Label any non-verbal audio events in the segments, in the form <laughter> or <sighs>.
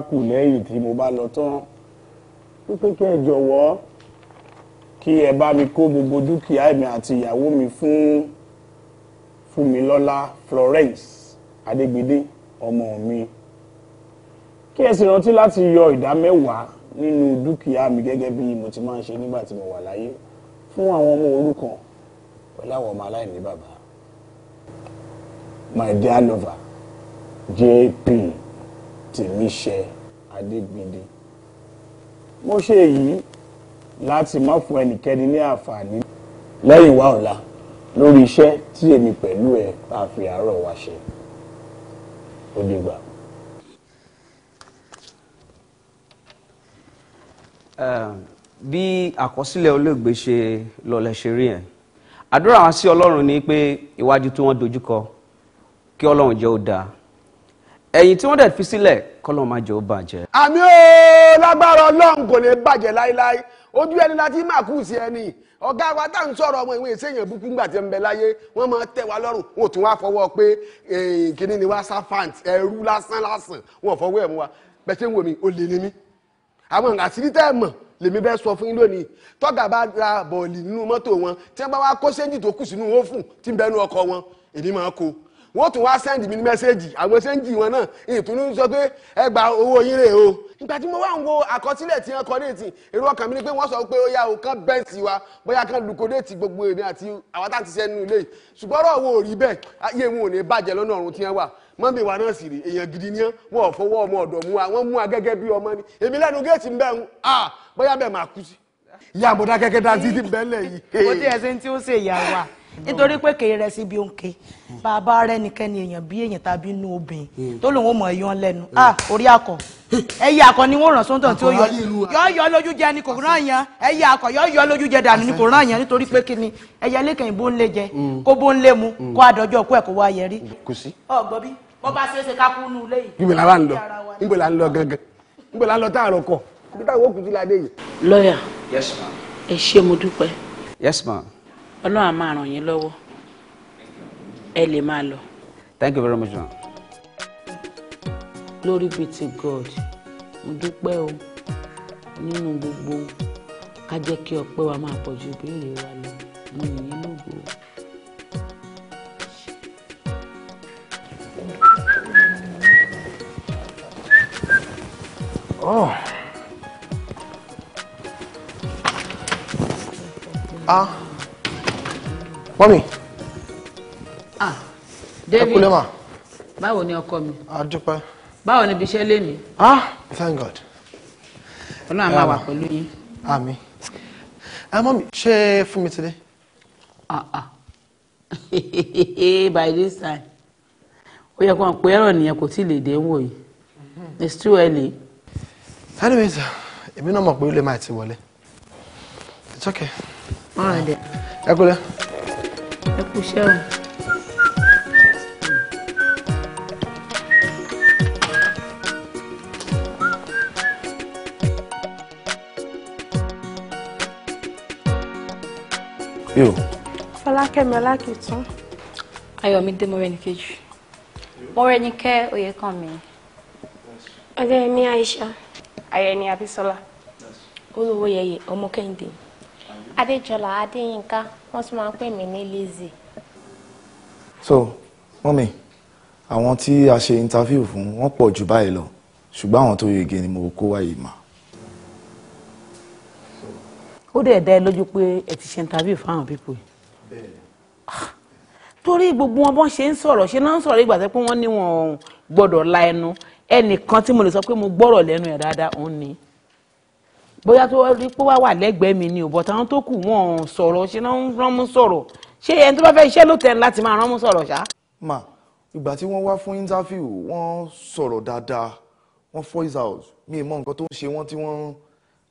kù lẹ́yìn tí mo bá lọ tán wípé kí ẹ jọ̀wọ́ kí ẹ bá mi kó gbogbo dúkìá mi àti ìyàwó mi fún Fúnmilọ́lá Florence Adégbédé ọmọ mi kí ẹ sì rántí láti yọ ìdá mẹ́wàá nínú dúkìá mi gẹ́gẹ́ bí mo ti máa ń ṣe nígbà tí mo wà láyé fún àwọn ọmọ òrukàn pẹ̀lú àwọn ọmọ aláìní bàbá my dear lover JP tèmíṣẹ adégbìndé mo ṣe èyí láti má fún ẹnikẹ́ni ní àǹfààní lẹ́yìn wá ọ̀la lórí iṣẹ́ tí èmi pẹ̀lú ẹ̀ bá fi àárọ̀ wá ṣe ó dìgbà. bí àkọsílẹ̀ olóògbé ṣe lọ́lẹ̀ ṣe rí yẹn àdúrà wa sí ọlọ́run ni pé ìwájú tí wọ́n dojúkọ kí ọlọ́run jẹ́ ó dáa ẹ̀yìn tí wọ́n dẹ̀ fi sílẹ̀ kọ́lọ́ máa jẹ́ ó bàjẹ́. àmì ó lágbára ọlọ́run kò lè bàjẹ́ láéláé ojú ẹni láti máa kú sí ẹni ọ̀gá wa tá à ń sọ̀rọ̀ ọmọ ìwé ìsèyàn búkú ńgbà tí ń bẹ láyé wọ́n máa tẹ̀ wá lọ́rùn wọn ò tún wá fọwọ́ pé kíní ni wá sáfàǹt ẹrú lásán lásán wọn ò fọwọ́ ẹ̀ mú wa bẹ́ẹ̀ ṣe ń wò mí ó lè ní mí àwọn àṣírí tẹ́ ẹ̀ lèmi bẹ́ẹ̀ sọ fún yín lónìí tọ́gà bá ra bọ̀ọ̀lì nínú mọ́tò wọn tí wọ́n bá wá kó séńjì tó kù sínú wọn tí ń bẹ́nu ọkọ̀ wọn èmi máa kó wọ́n tún wá sẹ́ndì mi ní mẹ́sẹ́ẹ̀jì àwọn sẹ́ńjì wọn náà ìtùnú sọ pé ẹ gba owó yín rè o. ìgbà tí mo wá ń wo àkọsílẹ̀ tí wọ́n kọ déètì èrò ọkàn mi ni pé wọ́n sọ pé ó yá o kán bẹ́ǹtì wa bóyá kán lùkọ́ déètì gbogbo èmi àti àwọn tá à ti sẹ́nu ilé yìí ṣùgbọ́n ọ̀rọ̀ wo ò rí bẹ́ẹ̀ ayé wọn ò ní bàjẹ́ lọ́nà ọ̀run tí wọ́n wà mọ́mí wa náà sì rí èèyàn gidi ní wọn ò fọwọ́ ọmọ ọ̀dọ̀ mú wa wọ́n mú wa gẹ́gẹ́ bí ọmọ ni èmi lẹ́nu géètì ń bẹ́ẹ̀ ń bóyá bẹ́ẹ̀ máa kú sí. ìyá àbọ̀dá kẹ́kẹ́ dáńtí ti bẹ́ẹ̀ lẹ̀ yìí. mo dé ẹsẹ̀ tí ó ṣe ìyá wa Mm. nítorí pé kèé rẹ síbi òǹkè bàbá rẹ nìkẹ́ni èèyàn bí èèyàn tàbí inú obìnrin mm. tó lòun ò mọ̀ èèyàn lẹ́nu mm. ah orí akọ <laughs> ẹyẹ akọ ni wọn ràn sóńtọ tí ó yọ yọ yọ ni kò rán yẹn ẹyẹ akọ yọ yọ lójú jẹ dànù ni kò rán yẹn nítorí pé kí ni ẹyẹ lẹkẹyìn bó ń lé jẹ kó bó ń lé mu kó àdọjọ kó ẹ kó wá yẹ rí. kò sí. ọ gbọ́ bí bọ́ bá ṣe é ṣe ká kú nù lẹ́yìn. níbo la bá ń lọ níbo la ń lọ ń lọ yes ma ọlọ́run á ràn yín lọ́wọ́ ẹ lè máa lọ. thank you very much glory be to God mo dúpẹ́ o nínú gbogbo ká jẹ́ kí ọpẹ́ wa máa pọ̀ ju ìbéèrè wa lọ mo yìnyín lógo. Oh. Ah mọ́mì. ah David báwo ni ọkọ mi. a dúpẹ́. báwo ni ibiṣẹ́ lé mi. ah thank God. ọlọ́run máa wà um, pẹ̀lú yín. àmín. ẹ ah, mọ́mì ṣé fún mi ti dé. ah ah <laughs> by this time ó yẹ kó pé ẹ̀rọ nìyẹn kò tí ì lè dé wò yìí it's too early. anyways èmi náà mọ̀ pé ó lè máa ti wọlé it's okay. ọ̀rọ̀ dẹ̀. ẹ kúlẹ̀. É puxão. Eu. que ẹ kú iṣẹ́ o. Aí Yo. Fọlákẹ́mi Ọlákìtún. Ayọ̀mídé Mọ́rẹ́nikejì. Mọ́rẹ́nikẹ́ Oyèkánmi. Ọdẹ́yẹmí Aisha. Ayẹni Abísọ́lá. Olówóyẹyẹ ọmọ Kẹ́hìndé adéjọlá adéyínká wọ́n tún máa ń pè mí ní Lizzy. so mọ́mì àwọn tí a ṣe interview fún wọn pọ̀ jù báyìí lọ ṣùgbọ́n àwọn tó yege ni mo kó wáyé mà. ó dẹ̀ dá ẹ lójú pé ẹ ti ṣe interview fáwọn pípọ̀ yìí torí gbogbo wọn bọ́n ṣe ń sọ̀rọ̀ ṣe náà ń sọ̀rọ̀ ìgbà tó pé wọ́n ní wọn gbọ́dọ̀ la ẹnu ẹnìkan tí mo lè sọ pé mo gbọ́rọ̀ lẹ́nu ẹ̀ dáadáa òun ni bóyá tó rí pé wá wà lẹ́gbẹ̀ẹ́ mi ni ò bọ̀ táwọn tó kù wọ́n sọ̀rọ̀ ṣe náà ń rán mú sọ̀rọ̀ ṣé ẹni tó bá fẹ́ iṣẹ́ ló tẹ̀ láti máa rán mú sọ̀rọ̀ ṣá. ma ìgbà tí wọ́n wá fún interview wọ́n sọ̀rọ̀ dáadáa wọ́n voice out mi ì mọ nǹkan tó ń ṣe wọ́n tí wọ́n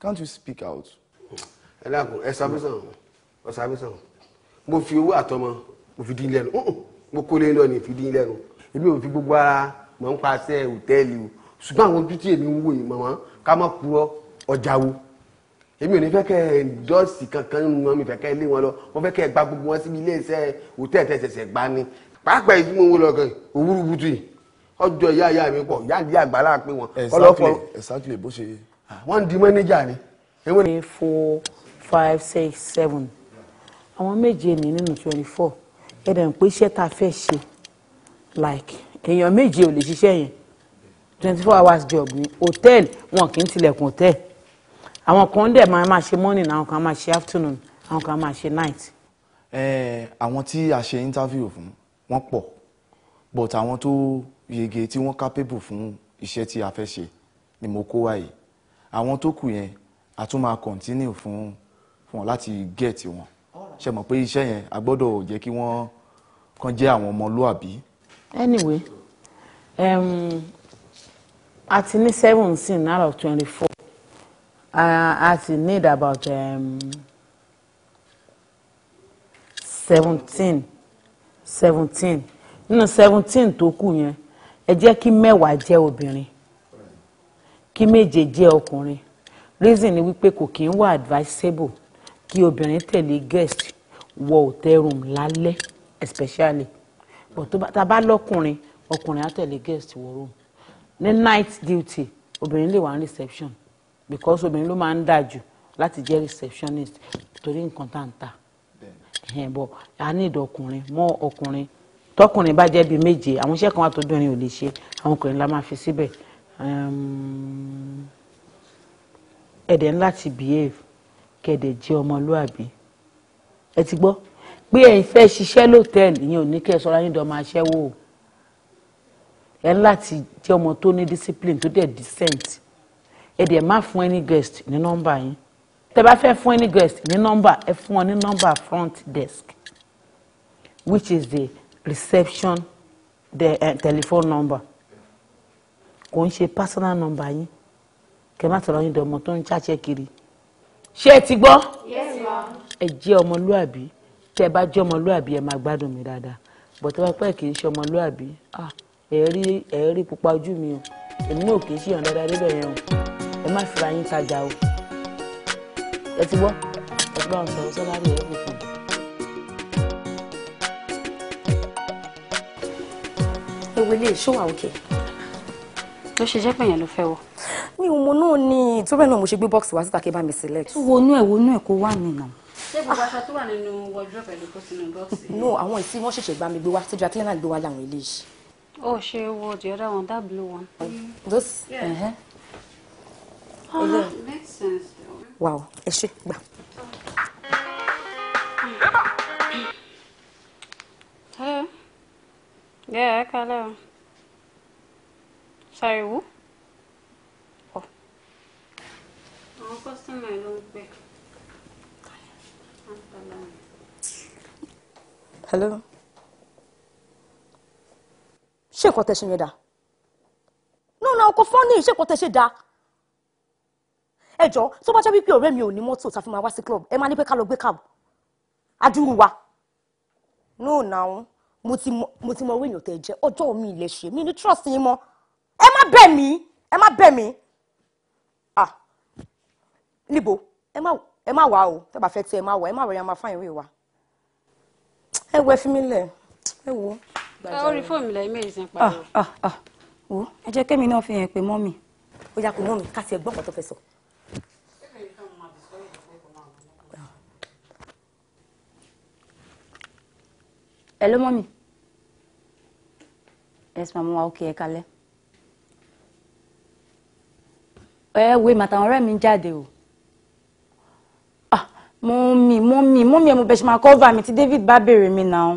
can't you speak out. ẹ dákun ẹ sábẹ́sàn ọ sábẹ́sàn mo fi owó àtọmọ mo fi dín lẹ́nu mo kó lé lọ ní fi dín lẹ́nu èmi ò fi gbogbo ara mọ̀ ń pàṣẹ hòtẹ́ẹ̀lì o ṣùgbọ́n àwọn ojú tí èmi ń wò yìí mọ̀ wọ́n ká má purọ́ ọjà wo èmi ò ní fẹ́ kẹ́ ẹ dọ́ọ̀sì kankan nínú wọn mi fẹ́ kẹ́ ẹ lé wọn lọ mo fẹ́ kẹ́ ẹ gba gbogbo wọn síbi ilé iṣẹ́ òtẹ́ ẹ̀tẹ́ ṣẹ̀ṣẹ̀ gbá ni pàápàá yìí tí mo ń wò lọ kan òwúrú butu yìí ọjọ́ ìyá ìyá mi pọ̀ ìyá àdí àgbàlá pé wọn. exactly exactly bó ṣe. wọ́n ń di mẹ́nẹ́jà ni. three four five six seven àwọn méje ní nínú twenty four ẹ̀dẹ̀ ń pé iṣẹ́ tá a fẹ́ ṣe like èèyàn méje ò lè ṣiṣẹ́ yẹn twenty four hours job ni hòtẹ́ẹ̀lì wọn kì í tilẹ̀kùn hotel àwọn kan dẹ̀ máa máa ṣe morning àwọn kan máa ṣe afternoon àwọn kan máa ṣe night. ẹ àwọn tí a ṣe interview fún wọn pọ̀ but àwọn tó yege tí wọ́n capable fún iṣẹ́ tí a fẹ́ ṣe ni mo kó wáyé àwọn tó kù yẹn a tún máa continue fún wọn láti get wọn ṣe mọ̀ pé iṣẹ́ yẹn a gbọ́dọ̀ jẹ́ kí wọ́n kàn jẹ́ àwọn ọmọlúàbí. anyway um, a ti ní seven sin out of twenty four I, I still need about um, seventeen seventeen nínú seventeen tó kù yẹn ẹ jẹ́ kí mẹ́wàá jẹ́ obìnrin kí méje jẹ́ ọkùnrin reason ni wípé kò kí ń wà advisable kí obìnrin tẹ̀lé guest wọ hotel room lálẹ́ especially but tó bá ta bá lọ́kùnrin ọkùnrin á tẹ̀lé guest wọ room ní night duty obìnrin lè wà reception because obìnrin ló máa ń dà jù láti jẹ́ receptionist torí nǹkan tá à ń tà bọ̀ a ní ìdọ̀kùnrin mọ́ ọkùnrin tọkùnrin bá jẹ́ bíi méje àwọn iṣẹ́ kan wà tó dùnrin ò lè ṣe àwọn ọkùnrin la máa fi síbẹ̀ ẹ̀dẹ̀ ń láti behave kẹ̀dẹ̀ jẹ́ ọmọlúàbí ẹ ti gbọ́ pé ẹ̀yin fẹ́ ṣiṣẹ́ lọ́tẹ̀ẹ̀lì yẹn ò ní kẹ́ ẹ sọ́ra yín dọ̀ máa ṣẹ́wó ẹ̀ ń láti jẹ́ ọmọ tó ní discipline tó dẹ̀ decent ẹ dẹ̀ má fún any guest ní nọ́mbà yín tẹ́ fẹ́ fún any guest ní nọ́mbà ẹ fún ní nọ́mbà front desk which is the reception the uh, telephone number kò ń ṣe personal number yín kẹ́ má sọ̀rọ̀ yín dọ̀mọ́ tó ń ṣàṣẹ kiri ṣé ẹ ti gbọ́ ẹ jẹ́ ọmọlúàbí tẹ́ ẹ bá jẹ́ ọmọlúàbí ẹ máa gbádùn mi dáadáa bọ̀tẹ́ wá pẹ́ kì í ṣe ọmọlúàbí ah, ẹ rí pupa ojú mi o èmi náà kì í ṣe ìyàn débẹ̀ yẹn o ẹ má fira yín tajà o ẹ ti gbọ́ ẹ ti bá wọn sọ̀rọ̀ sọ́láàrì ẹ̀ fún fún. ewu ilé ìṣó wà òkè. ló ṣe jẹ́ pé èèyàn ló fẹ́ wọ. mi ò mọ náà ni ìtúrẹ́ náà mo ṣe gbé bọ́ọ̀sì wá síta kí n bá mi select. tún wonú ẹ̀ wonú ẹ̀ kó wà mí náà no àwọn ìsí wọn ṣẹ̀ṣẹ̀ gba mi gbé wá tíjú akílẹ̀ náà gbé wá láwọn ilé yìí. oh ṣe wo the other one that blue one. Mm. Yeah wà ó ẹ ṣe gbà. hello yeah ẹ kálẹ́ o sorry who. àwọn kọ́sítọ́mù ẹ̀ ló ń pẹ́. hello ṣé nǹkan tẹ́ ṣe yẹn dáa nínú àwọn ọkọ̀ fọ́ọ̀nì ṣé nǹkan tẹ́ ṣe dáa ẹ jọ tó bá jẹ́ wípé ọ̀rẹ́ mi ò ní mọ́tò tá máa wá sí club ẹ máa ní pé ká lọ gbé cab adúrú wa no now mo ti mọ owó èèyàn tẹ jẹ ọjọ́ mi ilẹ̀ ṣe mi ní trust yín mọ́ ẹ má bẹ̀ mí ẹ má bẹ̀ mí ah níbo ẹ má wà o tẹ́ bá fẹ́ tí ẹ má wà ẹ má rọra máa fáyín rí wa ẹ wọ ẹ fi mí lẹ̀ ẹ wò ó. ẹ ó rí fóònù lẹ́yìn méjì sí ń pariwo. Ah, ah, ah, wo ẹ jẹ́ kémi náà fi hàn pé mọ́ mi. ó yà kó náà mi ká tiẹ̀ gbọ́ ọ̀pọ̀ tó fẹ́ sọ. Hello, mommy. yes mama. wa ókè ẹ kalẹ́ ẹ wo màtàwọn ọ̀rẹ́ mi ń jáde o mọ́mí mọ́mí mọ́mí ẹ̀ mo bẹ̀ ṣe máa cover mi tí David bá béèrè mi náà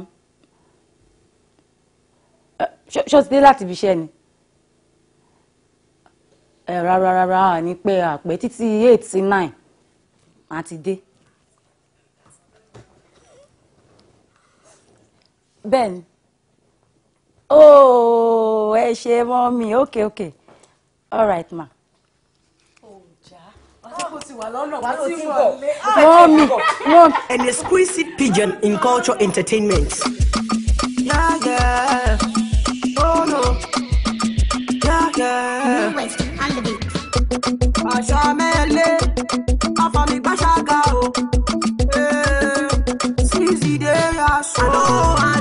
ṣó ti dé láti ibi iṣẹ́ ni ẹ rárá rárá ní pé àpè títí eight sí nine màá ti dé. bẹ́ẹ̀ ni ooo oh, ẹ ṣe mọ́ mi ok ok all right ma. Mommy, ah, mommy. An exquisite pigeon in culture entertainment. Yeah, yeah. Oh no. Yeah, yeah. New West and the beat. Àṣà mẹ́lẹ̀, àfàmì gbàṣà ga o. Ṣíṣì eh, dé aṣọ.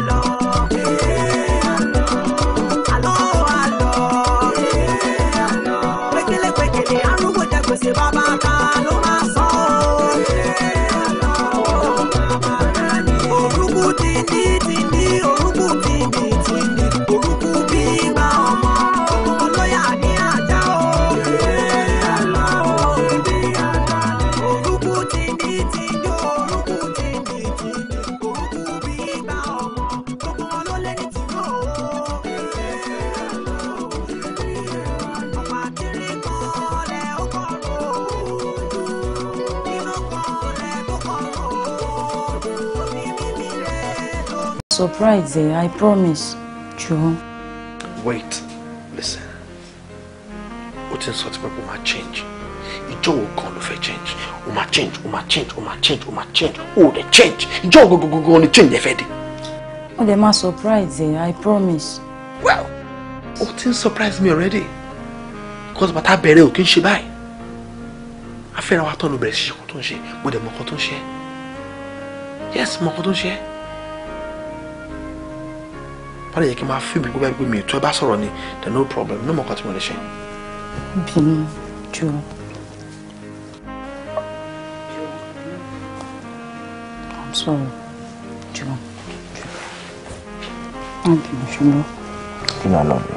your baba. Surprise, I promise. Joe. Wait, listen. O ti ń sọ ti change? kó máa go Ìjọ wo kan change. fẹ́ change? O change, o change, o change, Oh, the change, o ò go go go wo gbogbogbò ni change yẹn Oh, they must surprise, máa I promise. Well, what ti ń surprise me already. Cause bàtà bẹ̀rẹ̀ ò kí ń ṣe báyìí. I wa tán ló bẹ̀rẹ̀ ṣíṣe kó tó ń ṣe. Mo dẹ̀ mọ̀ Yes, mọ̀ kó tó ń báyìí yẹ kí n máa fíìmù gbogbo ẹgbẹ́ mi tó ẹ bá ni then no problem ní mọ̀ọ́kọ́ tí mo lè ṣe. bínú I'm sorry jù jù. wọ́n bí mo ṣe mọ́. kí ni àlọ́ mi.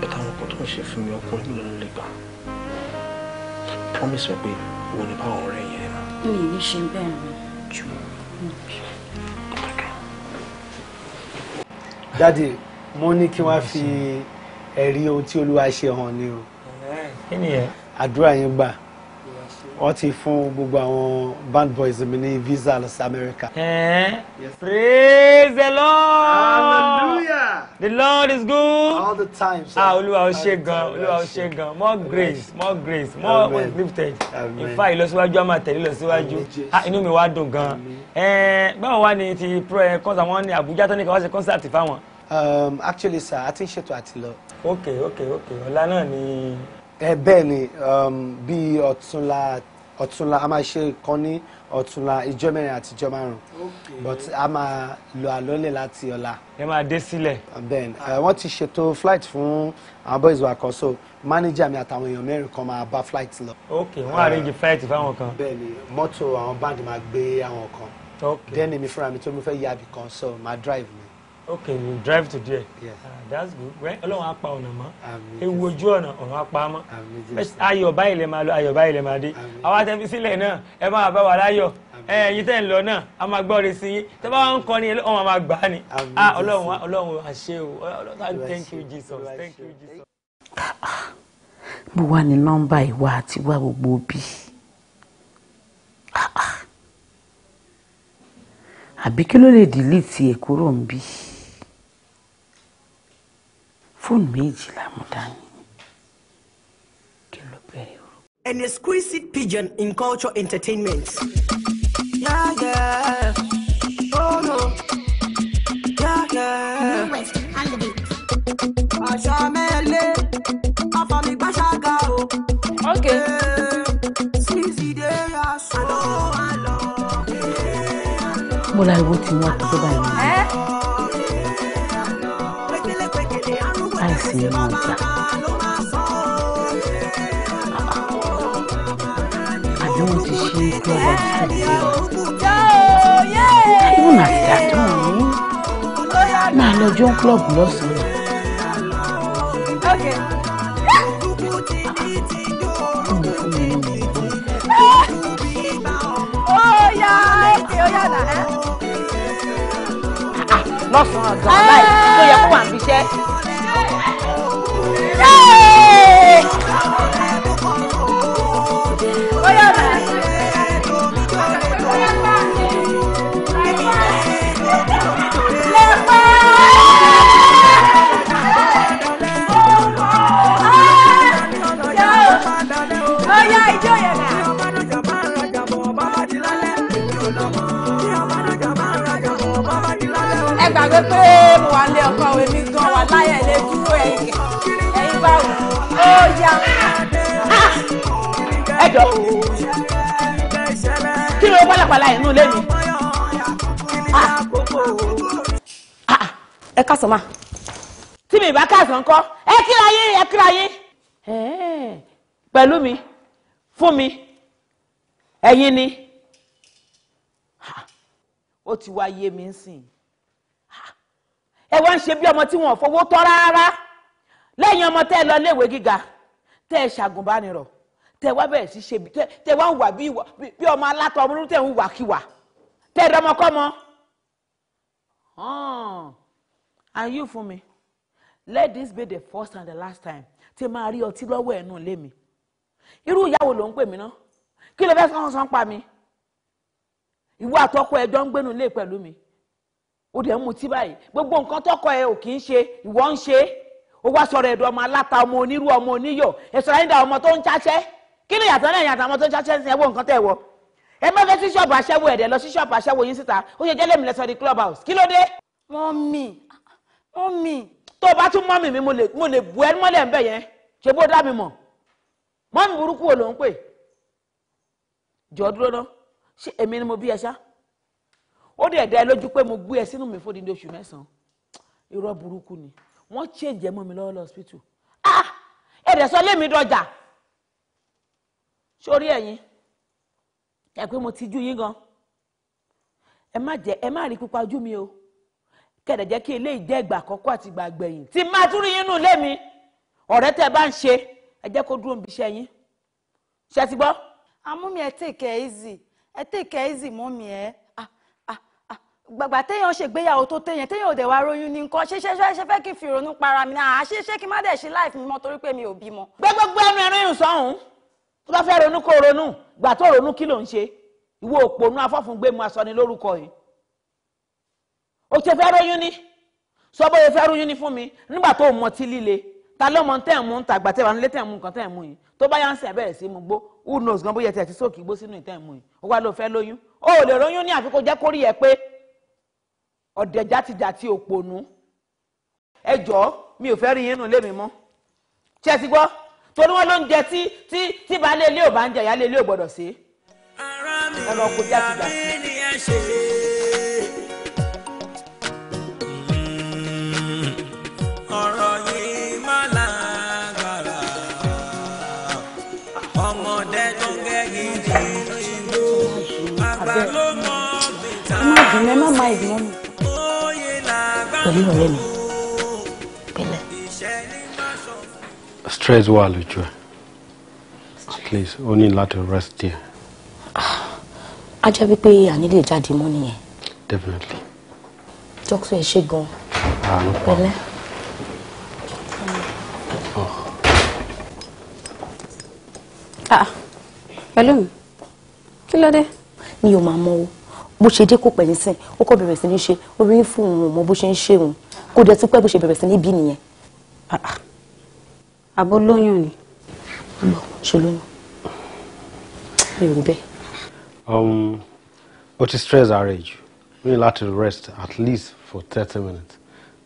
bàtà àwọn ọkọ̀ tó ń promise me, pé òun ni báwọn ọ̀rẹ́ yẹn. mi ò ní ṣe bẹ́ẹ̀ mọ́ jù. dáàdi mo ní kí wọ́n fi ẹ̀rí ohun tí olúwa ṣe hàn ni o àdúrà yẹn gbà wọ́n ti fún gbogbo àwọn band boys mi ní visa los America. praise the lord hallelujah the lord is good all the time sir. ah olúwa ó ṣe gan olúwa ó ṣe gan more grace more grace more Amen. lifted in fact ìlọsíwájú a máa tẹ̀lé ìlọsíwájú ah, inú mi wá dùn gan báwo wá ni ti eh, concert wọn ní Abuja tó ní ká wá ṣe concert fáwọn. Um, actually sir a ti ń ṣètò ati lọ. ok ok ok ọ̀la náà ni. ẹ bẹ́ẹ̀ ni um, bí ọ̀túnla ọ̀túnla a máa ṣe kan ní ọ̀túnla ìjọ mẹ́rin àti ìjọ márùn but a máa lo àlọ́lẹ̀ láti ọ̀la. ẹ máa dé sílẹ̀. Uh, bẹ́ẹ̀ uh, wọ́n ti ṣètò flight fún àwọn boys wa kan so manager mi àtàwọn èèyàn mẹ́rin kan máa bá flight lọ. ok wọ́n arrange uh, flight fáwọn kan. bẹ́ẹ̀ ni mọ́tò àwọn band máa gbé àwọn kan. ok then èmi fúnra mi tó mi fẹ́ yá ibì kan so máa drive mi okay you drive to there yeah. uh, that's good well ọlọ́run á pa ọ̀nà mọ́ ewu ojú ọ̀nà ọ̀run á pa mọ́ ayọ̀ báyìí lè máa lọ ayọ̀ báyìí lè máa dé àwa tẹ́ fi sílẹ̀ náà ẹ máa bá wa láyọ̀ ẹ̀yin tẹ́ ń lọ náà a máa gbọ́ ọ̀rẹ́ sí yín tẹ́ bá wọn kọ́ ni ọ̀run máa gbà á ni ah, ọlọ́run wa ọlọ́run wa ṣe o thank you jesus thank you jesus. mo wà ní nọ́mbà ìwà àti wá gbogbo òbí ah, ah. àbí kí ló lè dìlítì ẹ̀ kúrò ń bí fóònù méjì la mú dání kí ló bẹ̀rẹ̀ o. an exquisite pigeon in culture entertainment. Yeah, yeah. Oh, no. yeah, yeah. New West, àṣà mẹ́lẹ̀ àfàmì gbàṣàgà o. mo la ìwo tí wọn kú tó láìsí inú ọjà. àdéhùn ti ṣe é tó ọba sí wa. fún àgbà tó ń ní máa lọ club lọ́sàn-án. lọ́sàn-án gan-an báyìí tó yẹ kó wà níbi gbàgbé pé mo wà lé ọkọ èmi gan wà láyẹ̀ lé dúró ẹ̀yìn báwo ó yá ẹ jọ kí ló pálapàla inú ilé mi ẹ kásán ma tí mi bá kásán kọ ẹ kíra yín ẹ kíra yín pẹ̀lú mi fún mi ẹ̀yin ni ó ti wá yé mi ń sìn ẹ wá ń ṣe bí ọmọ tí wọn ò fowó tọ́ rárá lẹ́yìn ọmọ tẹ́ ẹ lọ léèwé gíga tẹ́ ẹ ṣàgùnbánirọ̀ tẹ́ ẹ wá bẹ̀rẹ̀ sí ṣe tẹ́ ẹ wá wà bí ọmọ alátọ ọmọdún tẹ́ ẹ ń wà kíwà tẹ́ ẹ dọmọkọ́mọ. and you fún mi let this be the first and the last time tí máa rí ọtí lọ́wọ́ ẹ̀nu lé mi irú ìyàwó ló ń pè mí ná kí ló fẹ́ sọ́n sọ́n pa mi ìwọ àtọkọ ẹjọ́ ń gbénu lé pẹ̀lú mi ó dẹ̀ ń mutí báyìí gbogbo nǹkan tọkọ ẹ ò kì í ṣe ìwọ ń ṣe é ó wá sọ̀rọ̀ ẹ̀dùn ọmọ aláta ọmọ onírú ọmọ oníyọ̀ ẹ sọ̀rọ̀ ayé da ọmọ tó ń ṣaṣẹ́ kí ni yàtọ̀ náà yàtọ̀ ọmọ tó ń ṣaṣẹ́ ẹ wo nǹkan tẹ̀ wọ. ẹ má fẹ́ sí ṣọ́ọ̀bù aṣẹ́wó ẹ̀dẹ̀ lọ sí ṣọ́ọ̀bù aṣẹ́wó yín síta ó ṣe jẹ́lẹ̀ mi lẹ́sọ̀ di club house kí ló dé. mọ́mì mọ́mì. tó o bá tún mọ́mì mi mo lè bu ẹ́ mọ́lẹ̀ ń bẹ̀ yẹn ṣe bó dá mi mọ̀ mọ́mì burúkú wo ló ń pè jọ dúró ná ṣé èmi ni mo bí ẹ ó dẹ̀ dá ẹ lójú pé mo gbé ẹ sínú mi fódìdí oṣù mẹ́sàn-án irọ́ burúkú ni wọ́n change ẹ̀ mọ́ mi lọ́wọ́ lọ́sítù ah ẹ̀rẹ̀ sọ lé mi dọjà sórí ẹ̀yin ẹ̀ pé mo ti jú yín gan ẹ má jẹ́ ẹ má rí pípa ojú mi o kẹ̀dẹ̀ jẹ́ kí eléyìí jẹ́ ìgbà àkọ́kọ́ àti ìgbà àgbẹ̀yìn tí má tún rí yín lé mi ọ̀rẹ́ tẹ́ bá ń ṣe ẹ jẹ́ kó dúró níbi iṣẹ́ yín ṣe ti gbọ́. amúmi ẹ take easy ẹ take easy mọ́mi ẹ. Eh? gbàgbà téèyàn ṣègbéyàwó tó téèyàn téèyàn ò dẹ̀ wá ròyìn ní nǹkan ṣe ṣe ṣe fẹ́ kí n fi ìrònú para mi náà àṣé ṣé kí n má dẹ̀ ṣe life mi mọ́ torí pé mi ò bímọ. gbẹgbẹgbẹ ẹnu ẹnu ìrùn sọhùn tó bá fẹ́ ronú kó ronú gbà tó ronú kí ló ń ṣe ìwọ òpònú afọ́fúngbé mu asọni lórúkọ yìí. o ṣe fẹ́ ròyìn ní sọ bóyá fẹ́ ròyìn ní fún mi nígbà tó mọ tí líle ta ló mọ tó bá yánsẹ̀ bẹ̀rẹ̀ sí mú gbó who knows gan bóyá tẹ̀ ti sóòkì gbó sínú ìtẹ́ mú yìí ó wá ló fẹ́ lóyún o ò lè ròyìn ní àfikún jẹ́ kórìí ẹ pé ọ̀dẹ̀ játijàti òpònú ẹ jọ̀ọ́ mi ò fẹ́ rí yín nù lé mi mọ́ ṣé ẹ ti gbọ́ torí wọn ló ń jẹ tí tí tí baálé ilé ò bá ń jẹ ìyá ilé ò gbọdọ̀ sí ẹranko játijàti. ẹ má bínú ẹ má máa ìgbọ́n pẹ̀lú ọ̀rẹ́ mi pẹ̀lẹ́. stress wà lójú Please, only least ó ní rest here. Ah, a jẹ́ wípé àní pay. I need to charge the money. Definitely. Talk to àánú pa pẹ̀lẹ́. pẹ̀lú oh. ah, mi kí ló dé. mi ò máa mọ bó ṣe dé kò sìn ó kọ́ bẹ̀rẹ̀ sí ní ṣe orí fún òun mọ bó ṣe ń ṣe òun kò dẹ̀ tún pẹ́ bó ṣe bẹ̀rẹ̀ sí ní nìyẹn. Ah, ah. àbó lóyún ni. àmọ́ ṣe lóyún mi ò bẹ́ẹ̀. o um, ti stress ara jù o ní láti rest at least for thirty minutes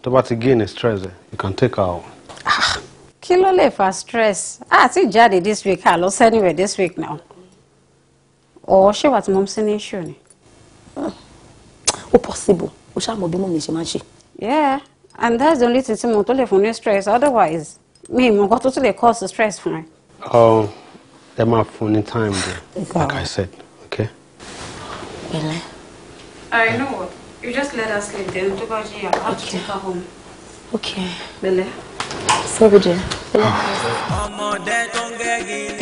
tó bá ti gain a stress you can take her out. Ah. kí ló lè fa stress àti ah, jáde this week àlọ́ sẹ́niwẹ̀ this week now ọ̀ ṣé wàá tí mo ń sin ní ṣù ni ó possible ó ṣàmọ̀ bí mo mi ṣe máa ṣe. yeah and that's the only thing tí mo to lè fún ní stress otherwise mi ìmọ̀ nǹkan to tún lè cause stress fún ẹ. ọ oh, ẹ máa fún time there like i said okay. pẹ̀lẹ́. i know you just let her sleep then tó bá jí i to take her home. okay. pẹ̀lẹ́. sorry dear. ọmọdé tó ń gẹ́gì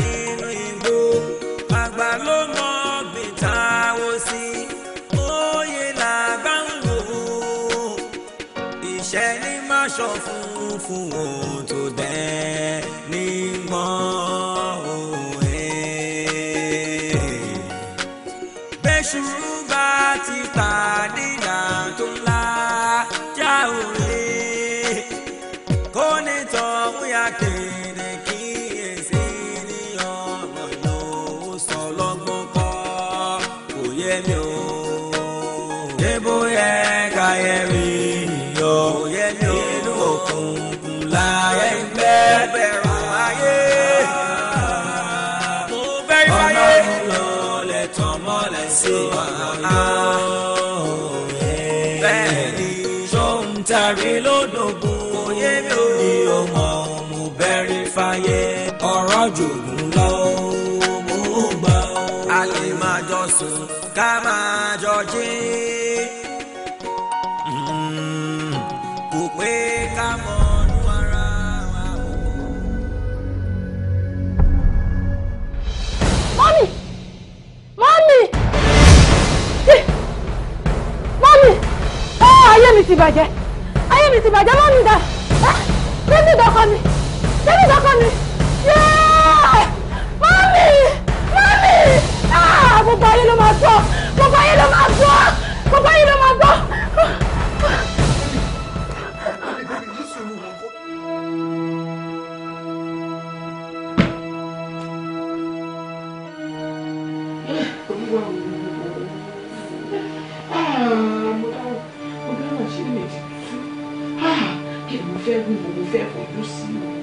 aṣọ funfun ohun tó dẹ́ nígbọ́ òwe. bẹ́ṣù bá ti pàdé. jògùn lọ mo gbà. a lè máa jọ sùn ká máa jọ jí. Hmm, kò pé ká mọ inú ara wa. mọ́mì mọ́mì mọ́mì ayé mi ti bàjẹ́ ayé mi ti bàjẹ́ dọ́kọ mi tẹ́lifí dọ́kọ mi. gbogbo ayé ló máa gbọ́ gbogbo ayé ló máa gbọ́ gbogbo ayé ló máa gbọ́. Ah, ah, fẹ́ wí mo fẹ́ fojú sí i.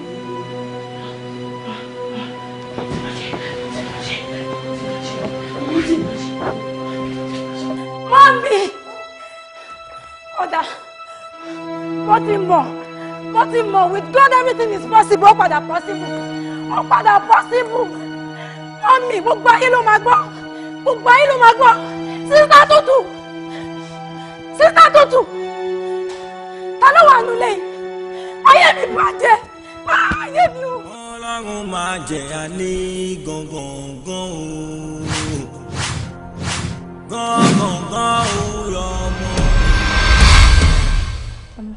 nothing more nothing more with God everything is possible ó padà possible Oh Father, possible mọ́mí gbogbo ayé ló máa gbọ́ gbogbo ayé ló máa gbọ́ sísá tútù sísá tútù ta ló wà nulẹ̀ yìí ayé mi bàjẹ́ ayé mi ò. ọlọ́run máa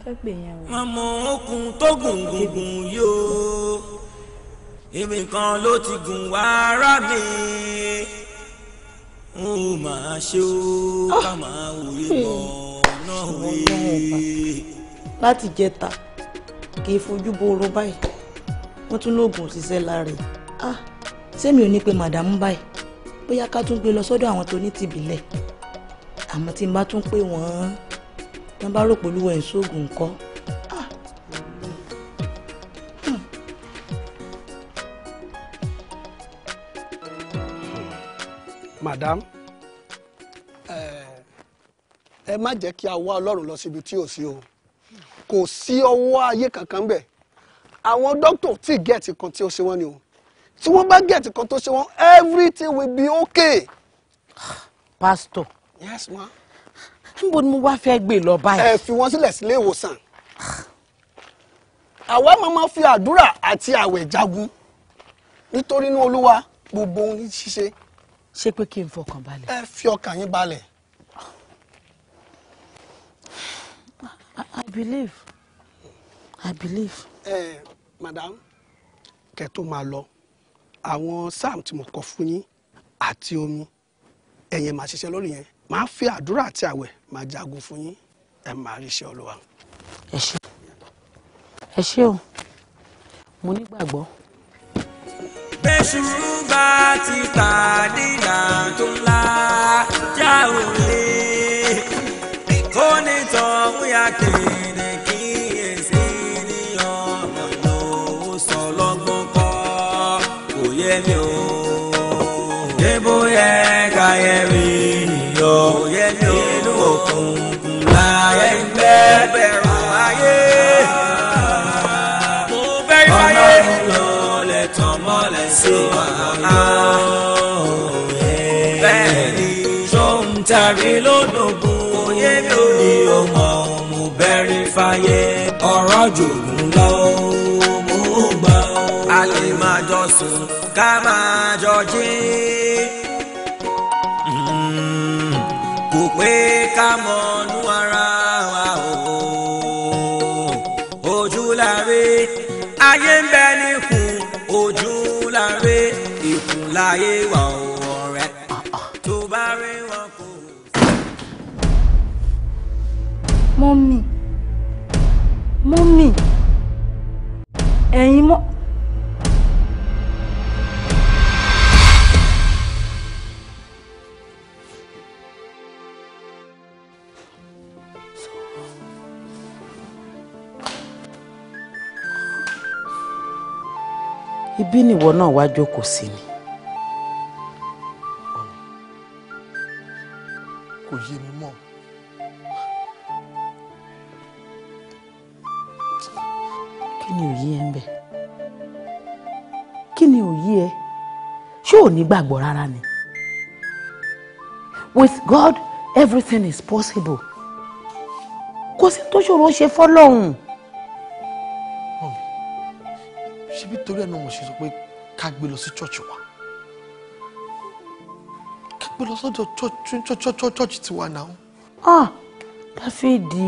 fẹ́ pè yẹn o. àmọ́ okùn tó gùn gùn gùn yóò èmi kan ló ti gùn wá ara mi n ò máa ṣe ó ah. ká máa wòye mọ́ náà wòye. láti jẹta kì í fojú booro báyìí wọ́n tún lóògùn òṣìṣẹ́ lára ẹ̀ ah sẹ́mi ò ní pe màdàmú báyìí bóyá ká tún gbé lọ sọ́dọ̀ àwọn tó ní tìbílẹ̀ àmọ́ tí n bá tún pè wọ́n wọn bá rò pẹ̀lú ẹ̀ sóògùn nǹkan. Ah. Hmm. madam ẹ má jẹ́ kí a wá ọlọ́run lọ síbi tí ò sí o kò sí ọwọ́ ayé kankan bẹ̀ àwọn dókítà tí gẹ̀ẹ́tì kan tí ó ṣe wọ́n ni o tí wọ́n bá gẹ̀ẹ́tì kan tó ṣe wọ́n everything will be okay. pastor. yes ma níbo ni mo wá fẹ́ gbé lọ báyìí. ẹ fi wọn sílẹ̀ sílé ìwòsàn àwa máa ma fi àdúrà àti àwẹ̀ jagun nítorí inú olúwa gbogbo ohun ní ṣíṣe. ṣé pé kí n fọkàn balẹ̀. ẹ fi ọkàn yín balẹ̀. I believe I believe. ẹ eh, madam kẹ́ tó máa lọ àwọn sam tí mo kọ fún yín àti omi ẹ̀yin máa ṣiṣẹ́ lórí yẹn màá fi àdúrà àti àwẹ̀ màá jagun fún yín ẹ máa rí iṣẹ́ olúwa. ẹ ṣé ẹ ṣé o mo nígbàgbọ́. bẹ́sù bá ti pàdé ìlà tó ńlá já òun. bẹ̀rù ayé mo bẹ̀rù ayé. ọlọ́run ló lè tàn mọ́lẹ̀ sí wàhálà bẹ́ẹ̀ ni ṣóun tàbí lódògùn òye mi ò ní ọmọ mo bẹ̀rù fàyè ọ̀rọ̀ jògùn lọ mo gbà. a lè máa jọ sùn ká máa jọ jí. Hmm. kò pé ká mọ̀ ní. ayé wà ọ̀rẹ́ tó bá rí wọn kò. mọ́mì mọ́mì ẹ̀yin mọ́. ibí nìwọ náà wá jókòó sí ni ò ní gbàgbọ́ rárá ni with God everything is possible kò sí tó ṣòro ṣe fọlọ́hún. ṣebí torí ẹ̀ mo ṣe sọ pé ká gbé lọ sí church wa ká gbé lọ sọ́dọ̀ church tiwa náà. ah dáfídì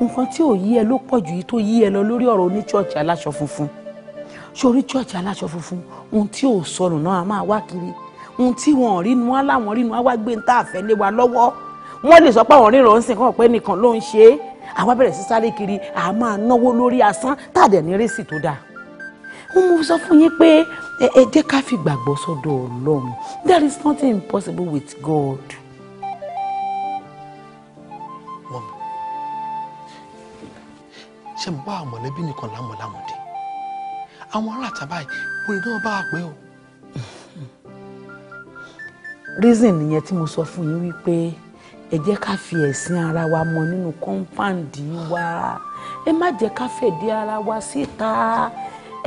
nǹkan tí ò yí ẹ ló pọ̀ ju yìí tó yí ẹ lọ lórí ọ̀rọ̀ oní aláṣọ funfun sórí church aláṣọ funfun ohun tí ò sọnù náà a máa wá kiri ohun tí wọn ò rí nu wá láwọn rí nu wá wá gbé ń tá àfẹ́ lé wa lọ́wọ́ wọn lè sọ pé àwọn ríran ń sìn kàn pé nìkan ló ń ṣe é àwa bẹ̀rẹ̀ sí sáré kiri à máa náwó lórí asán tàdé ní rẹ́sì tó dáa ó mú sọ fún yín pé ẹ jẹ́ ká fi gbàgbọ́ sọ́dọ̀ ọlọ́run there is nothing impossible with God. ṣé mo bá àwọn mọ̀lẹ́bí nìkan lámọ̀lámọ̀dé àwọn ará àtàbá yìí wèrè náà bá wà pé o. reason nìyẹn tí mo sọ fún yín wípé ẹ jẹ́ ká fi ẹ̀sìn ara wa mọ nínú kọ́ńpáǹdì wa ẹ má jẹ́ ká fèdí ara wa síta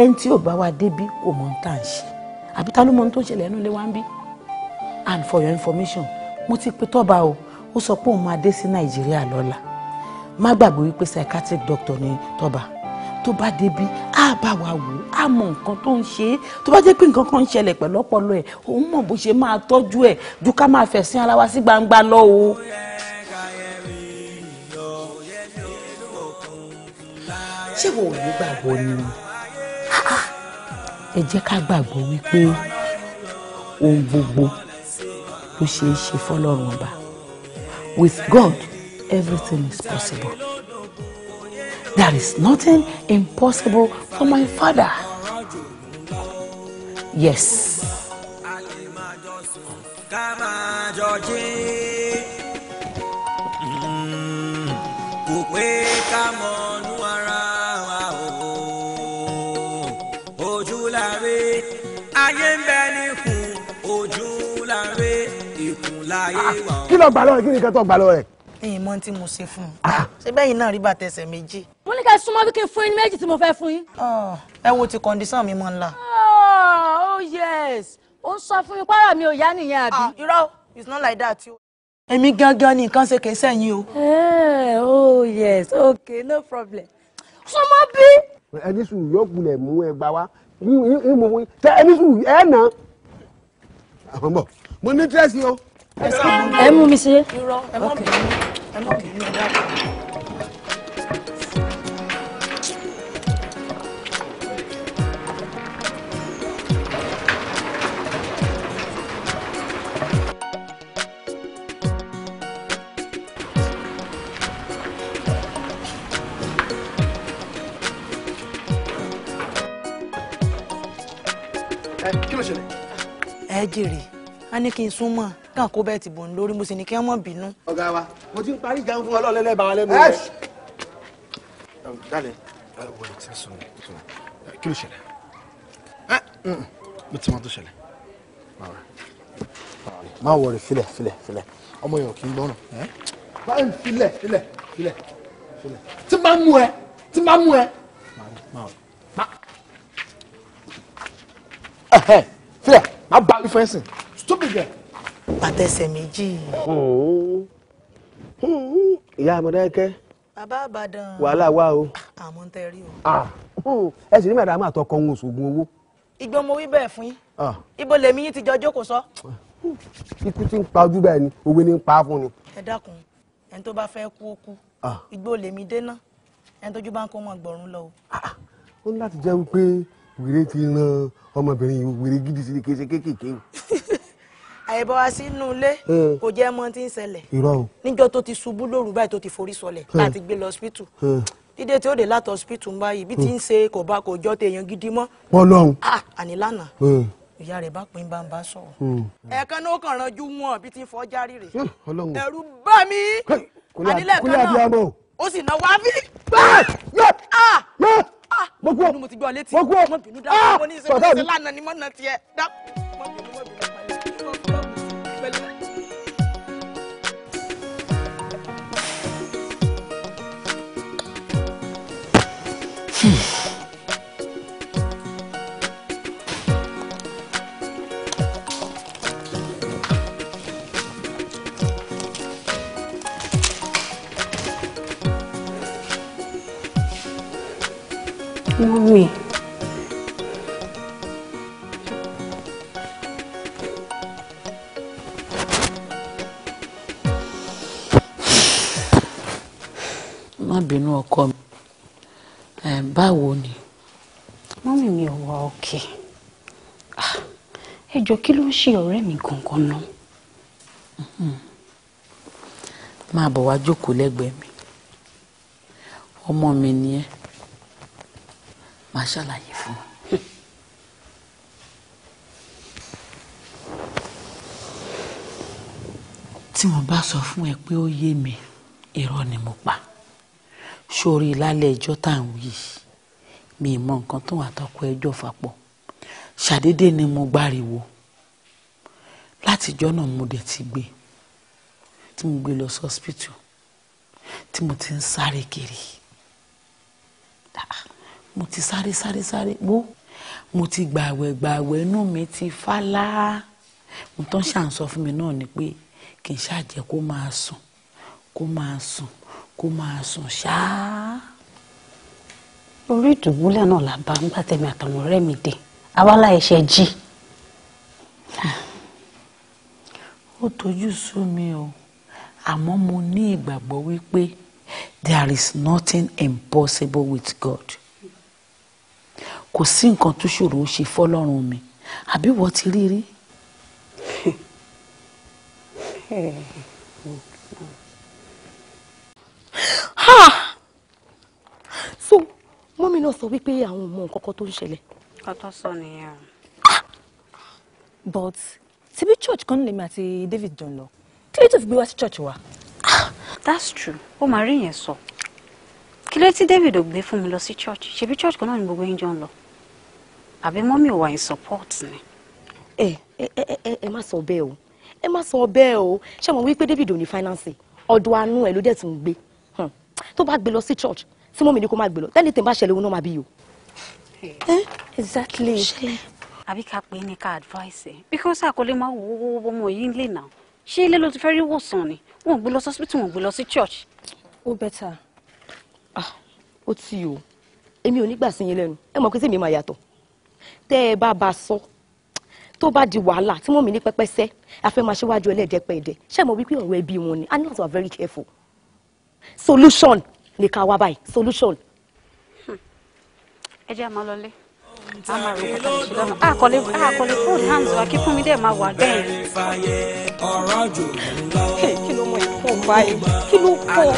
ẹni tí ò bá wa débí kò mọ ohun tá ń ṣe àbí ta ló mọ ohun tó ń ṣẹlẹ̀ ẹnu lé wa ń bí and for your information mo ti pe tọ́ba o ó sọ pé òun máa dé sí nàìjíríà lọ́la má gbàgbé wípé psychiatric doctor ni tọ́ba tó bá débi á bá wa wò á mọ nǹkan tó ń ṣe é tó bá jẹ́ pé nǹkan kan ń ṣẹlẹ̀ pẹ̀lú ọpọlọ ẹ̀ òun mọ̀ bó ṣe máa tọ́jú ẹ̀ ju ká máa fẹ̀sìn ara wa sí gbangba lọ o. ṣé wo ò ní gbàgbọ́ ni ẹ jẹ́ ká gbàgbọ́ wípé ohun gbogbo ló ṣeé ṣe fọlọ́run ọba with God everything is possible. There is nothing impossible for my father. Yes. Ah, kí ló gbà lọ́rẹ̀ kí ni kẹ́tọ́ gbà lọ́rẹ̀? ẹ̀yin mọ tí mo ṣe fún un ah. ṣé bẹ́yìn náà rí bàtà ẹsẹ̀ méjì. wọ́n ní ká súnmọ́ bí kí n fún yín méjì tí mo fẹ́ fún yín. Oh, ẹ wo ti kọ́ndíṣàn mi mọ́ ńlá. oh, oh yes ó sọ fún mi pààrọ̀ mi ò yá nìyẹn àbí. Ah, irọ́ it's not like that o. èmi gangan ni nǹkan ṣe kì í sẹ́yìn o. Eh, oh yes okay no problem. súnmọ́ bí. ẹni sùn yóò gulẹ̀ mú ẹ gbá wa ẹni sùn ẹ nà. àwọn bọ̀ mo ní tẹ́sí o. ẹ mú mi ṣe. irọ́ ẹ mọ̀ bí ẹ má bínú ẹ dákun. ẹ kí ló ṣẹlẹ̀. ẹ jèrè a ní kí n sún mọ́ kàn kó bẹ́ẹ̀ ti bò ń lórí mo sì ní kí wọ́n bínú. ọ̀gá wa mo ti ń parí ìjà fún ọlọ́ọ̀lẹ́ lẹ́ẹ̀bà wa lẹ́nu rẹ̀. Um, dálẹ̀ wọlé tí ń sùn mí kí ló ṣẹlẹ̀ mm, mm. mo ti mọ tó ṣẹlẹ̀ má wọrí filẹ̀ filẹ̀ filẹ̀ ọmọ yẹn ò kí ń gbọ́ràn báyìí filẹ̀ filẹ̀ filẹ̀ filẹ̀ tí máa mú ẹ tí máa mú ẹ. filẹ̀ má bá ifẹ̀ sìn stupid girl. pàtẹsẹ̀ méjì. ìyá amọ̀dákẹ́. bàbá àbàdàn. wàhálà wà o. Ah, àmọ́ ń tẹ rí o. ẹ sì ní màdàmú àtọkọ ohun oṣoògùn owó. ìgbọ́n mo wí bẹ́ẹ̀ fún yín. ibo lèmi yín ti jọ jókòó sọ. ikú tí ń pa ojú bẹ́ẹ̀ ni òwe ni ń pa á fún ni. ẹ dákun ẹni tó bá fẹ́ kú ó kú igbó lèmi dénà ẹni tójú bá ń kó mọ gbọ̀rún lọ o. ó ní láti jẹ́ wípé wèrè ti ran ọmọbìnrin wèrè gidi sí ni kése kéékèèké o. <laughs> àyẹ̀bọ̀ wa sínú ilé kò jẹ́ mọ́ tí ń ṣẹlẹ̀ níjọ́ tó ti ṣubú lóru báyìí tó ti forí sọlẹ̀ láti gbé lọ hospital dídé tí ó dé láti hospital ń báyìí bí ti ń ṣe kò bá kò jọ́ téèyàn gidi mọ́ wọ́n lọ́hùn ah, àní lánàá ìyá rẹ̀ bá pín bámbá sọ̀rọ̀ ẹ̀ẹ̀kan náà kàn ránjú wọn bí ti ń fọ́ járe ẹ̀rù bá mi ànílẹ̀kan náà ó sì náwó àbí ah! Ah! mo kú ọ mo kú ọ bàbá mi. Mami, Má bínú ọkọ mi. Báwo ni? Mọ́mì mi ò wá òkè. Ah, ẹ jọ kí ló ń ṣe ọ̀rẹ́ mi gangan náà? Mm-hmm. Máa bọ̀ wá jókòó lẹ́gbẹ̀ẹ́ mi. Ọmọ mi ni ẹ́ máa ṣàlàyé fún un. tí wọ́n bá sọ fún ẹ pé ó yé mi irọ́ ni mo pa sórí lálẹ́ ẹjọ́ tá à ń wí mi mọ nǹkan tó wà tọkọ ẹjọ́ fapọ̀ ṣàdédé ni mo gbáriwo látijọ́ náà mo dẹ̀ ti gbé tí mo gbé lọ sí tí mo ti ń sáré kiri. Ah mo ti sáré sáré sáré wo mo ti gbàwẹ̀ gbàwẹ̀ inú mi ti fálá mo tán ṣà ń sọ fún mi náà ni pé kì í ṣàjẹ́ kó máa sùn kó máa sùn kó máa sùn ṣáá. orí ìdùbúlẹ̀ náà la bá ńgbà tẹ̀mí àtàwọn ọ̀rẹ́ mi dé awálà ẹ̀ṣẹ̀ jí. ó tojú sú mi o àmọ́ mo ní ìgbàgbọ́ wípé there is nothing impossible with God kò sí nǹkan tó ṣòro ó ṣe fọlọ́run mi àbí wọ́n ti rí rí. so mọ́mí náà sọ wípé àwọn ọmọ nǹkan kan tó ń ṣẹlẹ̀. ọtọ́ sọ nìyẹn. Ah! but tibí church kan lèmi àti David jọ lọ kí ló tó fi gbé wá sí church wa. Ah! that's true ó máa rí yẹn sọ kí ló tí David ò gbé fún mi lọ sí church ṣebí church kan náà ni gbogbo yín jọ ń lọ àbí mọ́mí ò wà in support ni. ẹ ẹ ẹ ẹ má sọ bẹ́ẹ̀ o ẹ má sọ bẹ́ẹ̀ o ṣé mo wí pé David ò ní finance ọ̀dọ̀ àánú ẹ̀ ló dẹ̀ tún gbé hmm. tó bá gbé lọ sí church tí mọ́mí ni kó má gbé lọ tẹ́lẹ̀ tẹ̀ bá ṣẹlẹ̀ òun náà má bí yòó. exactly àbí ká pè é ní ká advice ẹ because àkọlé máa wo owó ọmọ yìí lè nà ṣé ilé ló ti fẹ́ rí wòsàn ni wọn ò gbé lọ sí hospital wọn ò gbé lọ sí church. ó bẹ́tà ah, ó ti o èmi ò ní gbà sí yín lẹ́nu ẹ mọ̀ pé tèmi máa yàtọ̀ tẹ́ ẹ bá ba sọ tó bá di wàhálà tí mọ̀mí ní pẹ́pẹ́sẹ́ afẹ́ máa ṣíwájú ẹlẹ́dẹ̀ pẹ́ẹ́dẹ́ ṣé mo wípé ọ̀rọ̀ ẹbí wọn ni i need to be very careful solution ní ká wá báyìí solution. ẹ jẹ́ àmọ́ lọlé a máa rò pàtàkì ṣe àkọlé àkọlé fold hands wa kí fún mi dẹ́ máa wà bẹ́ẹ̀. kí ló mọ ìfọ̀ báyìí kí ló kọ́ ọ́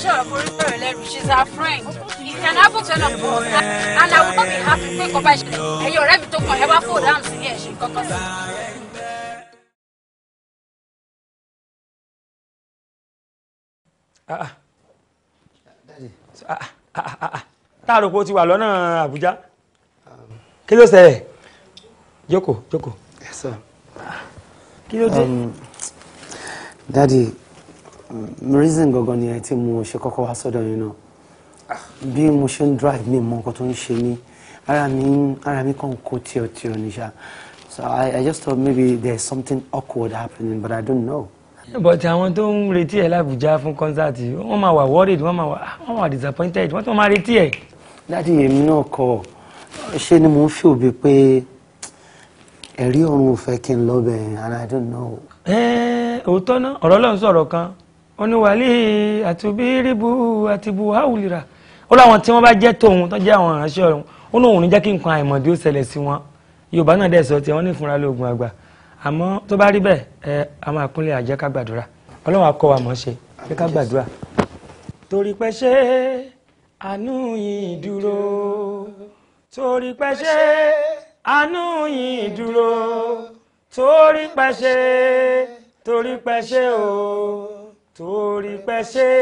mention of Orifere Leru. She's our friend. It can happen to any of us. And I will not be happy to take over. And your every token ever fold arms here. She got us. Ah ah ah ah, ah, ah, ah. táàrò kó ti wà lọ́nà Àbújá kí ló ṣẹlẹ̀ jókòó jókòó. kí ló dé. Um, dadi Mm, reason gangan ni ẹ tí mo ṣe kọ́kọ́ wá sọ́dọ̀ yín náà ah. bí mo ṣe ń drive mi mọ nǹkan tó ń ṣe mí ara mi ara mi kàn kó tíọtíọ ní ṣá so I, I just thought maybe there's something awkward happening but I don't know. but àwọn tó ń retí ẹ lábùjá fún kọ́nsáàtì wọ́n máa wà worried wọ́n máa wà ah, wọ́n disappointed wọ́n tó máa retí ẹ. dáàdi èmi náà kọ ṣé ni mo ń fi òbí pé ẹ̀rí ọ̀run ò fẹ́ kí n lọ bẹ̀ and I don't know. ẹ eh, òótọ́ náà ọ̀rọ̀ lọ́n sọ̀rọ̀ kan oníwàlí àtúbíríbù àti buhawulira ó láwọn tí wọ́n bá jẹ́ tòun tó jẹ́ àwọn ìránṣẹ́ ọ̀run ó ní òun ní jẹ́ kí nǹkan àìmọ̀dí ó ṣẹlẹ̀ sí wọn yorùbá náà dẹ̀ sọ tiẹ̀ wọ́n ní ìfúnra lóògùn àgbà àmọ́ tó bá rí bẹ́ẹ̀ ẹ a máa kúnlẹ̀ àjẹ́ ká gbàdúrà ọlọ́run á wa mọ̀ ṣe jẹ́ ká gbàdúrà. torí pé ṣé àánú yìí dúró torí pé ṣé àánú yìí dúró torí pé ṣé torí pé ṣé o torí pé ṣé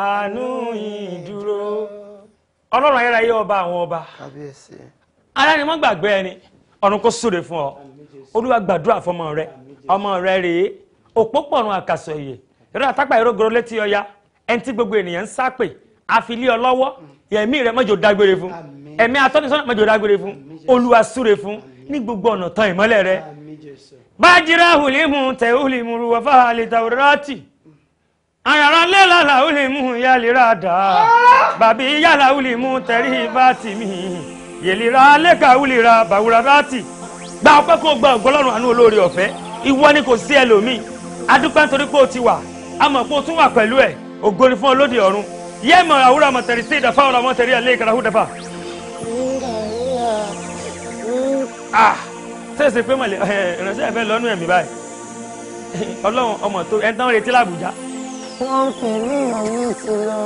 àánú yìí dúró ọlọ́run ayérayé ọba àwọn ọba ara ni wọ́n gbàgbé ẹni ọ̀run kó súre fún ọ olúwa gbàdúrà fọmọ rẹ ọmọ rẹ rèé òpópọ̀nù àkàsọ̀ èyè ìró àtàpà ìrógoro létí ọya ẹni tí gbogbo ènìyàn ń sápè àfilé ọ lọ́wọ́ ẹ̀mí rẹ mọ́jọ dágbére fún ẹ̀mí atọ́nisọ́nà mọ́jọ dágbére fún olúwa súre fún ní gbogbo ọ̀nà tán ìmọ́lẹ̀ rẹ. bájírà hùlímù tẹ̀ hùlímù rúwọ́fà àlè tàwùrọ́tì àyàrá lé làlàó lè mú yálira dà bàbí yàlàó lè mú tẹ̀rí bá ti mi yèlira lẹ́ka wúlira bàwúra bá ti gba ọpẹ́ kó gba ọ̀gbọ́lọ́run àánú olóore ọ̀fẹ́ ìwọ ni kò sí ẹlòmíì adúpẹ́ nítorí pé o ti wà pé o tún wà fún olóde ọ̀run yẹ́ àwúrà mọ̀tẹ̀rì sí ìdàfà ọ̀rọ̀ mọ̀tẹ̀rì ẹ̀ lẹ́yìn wọ́n fi mí àmì sí lọ.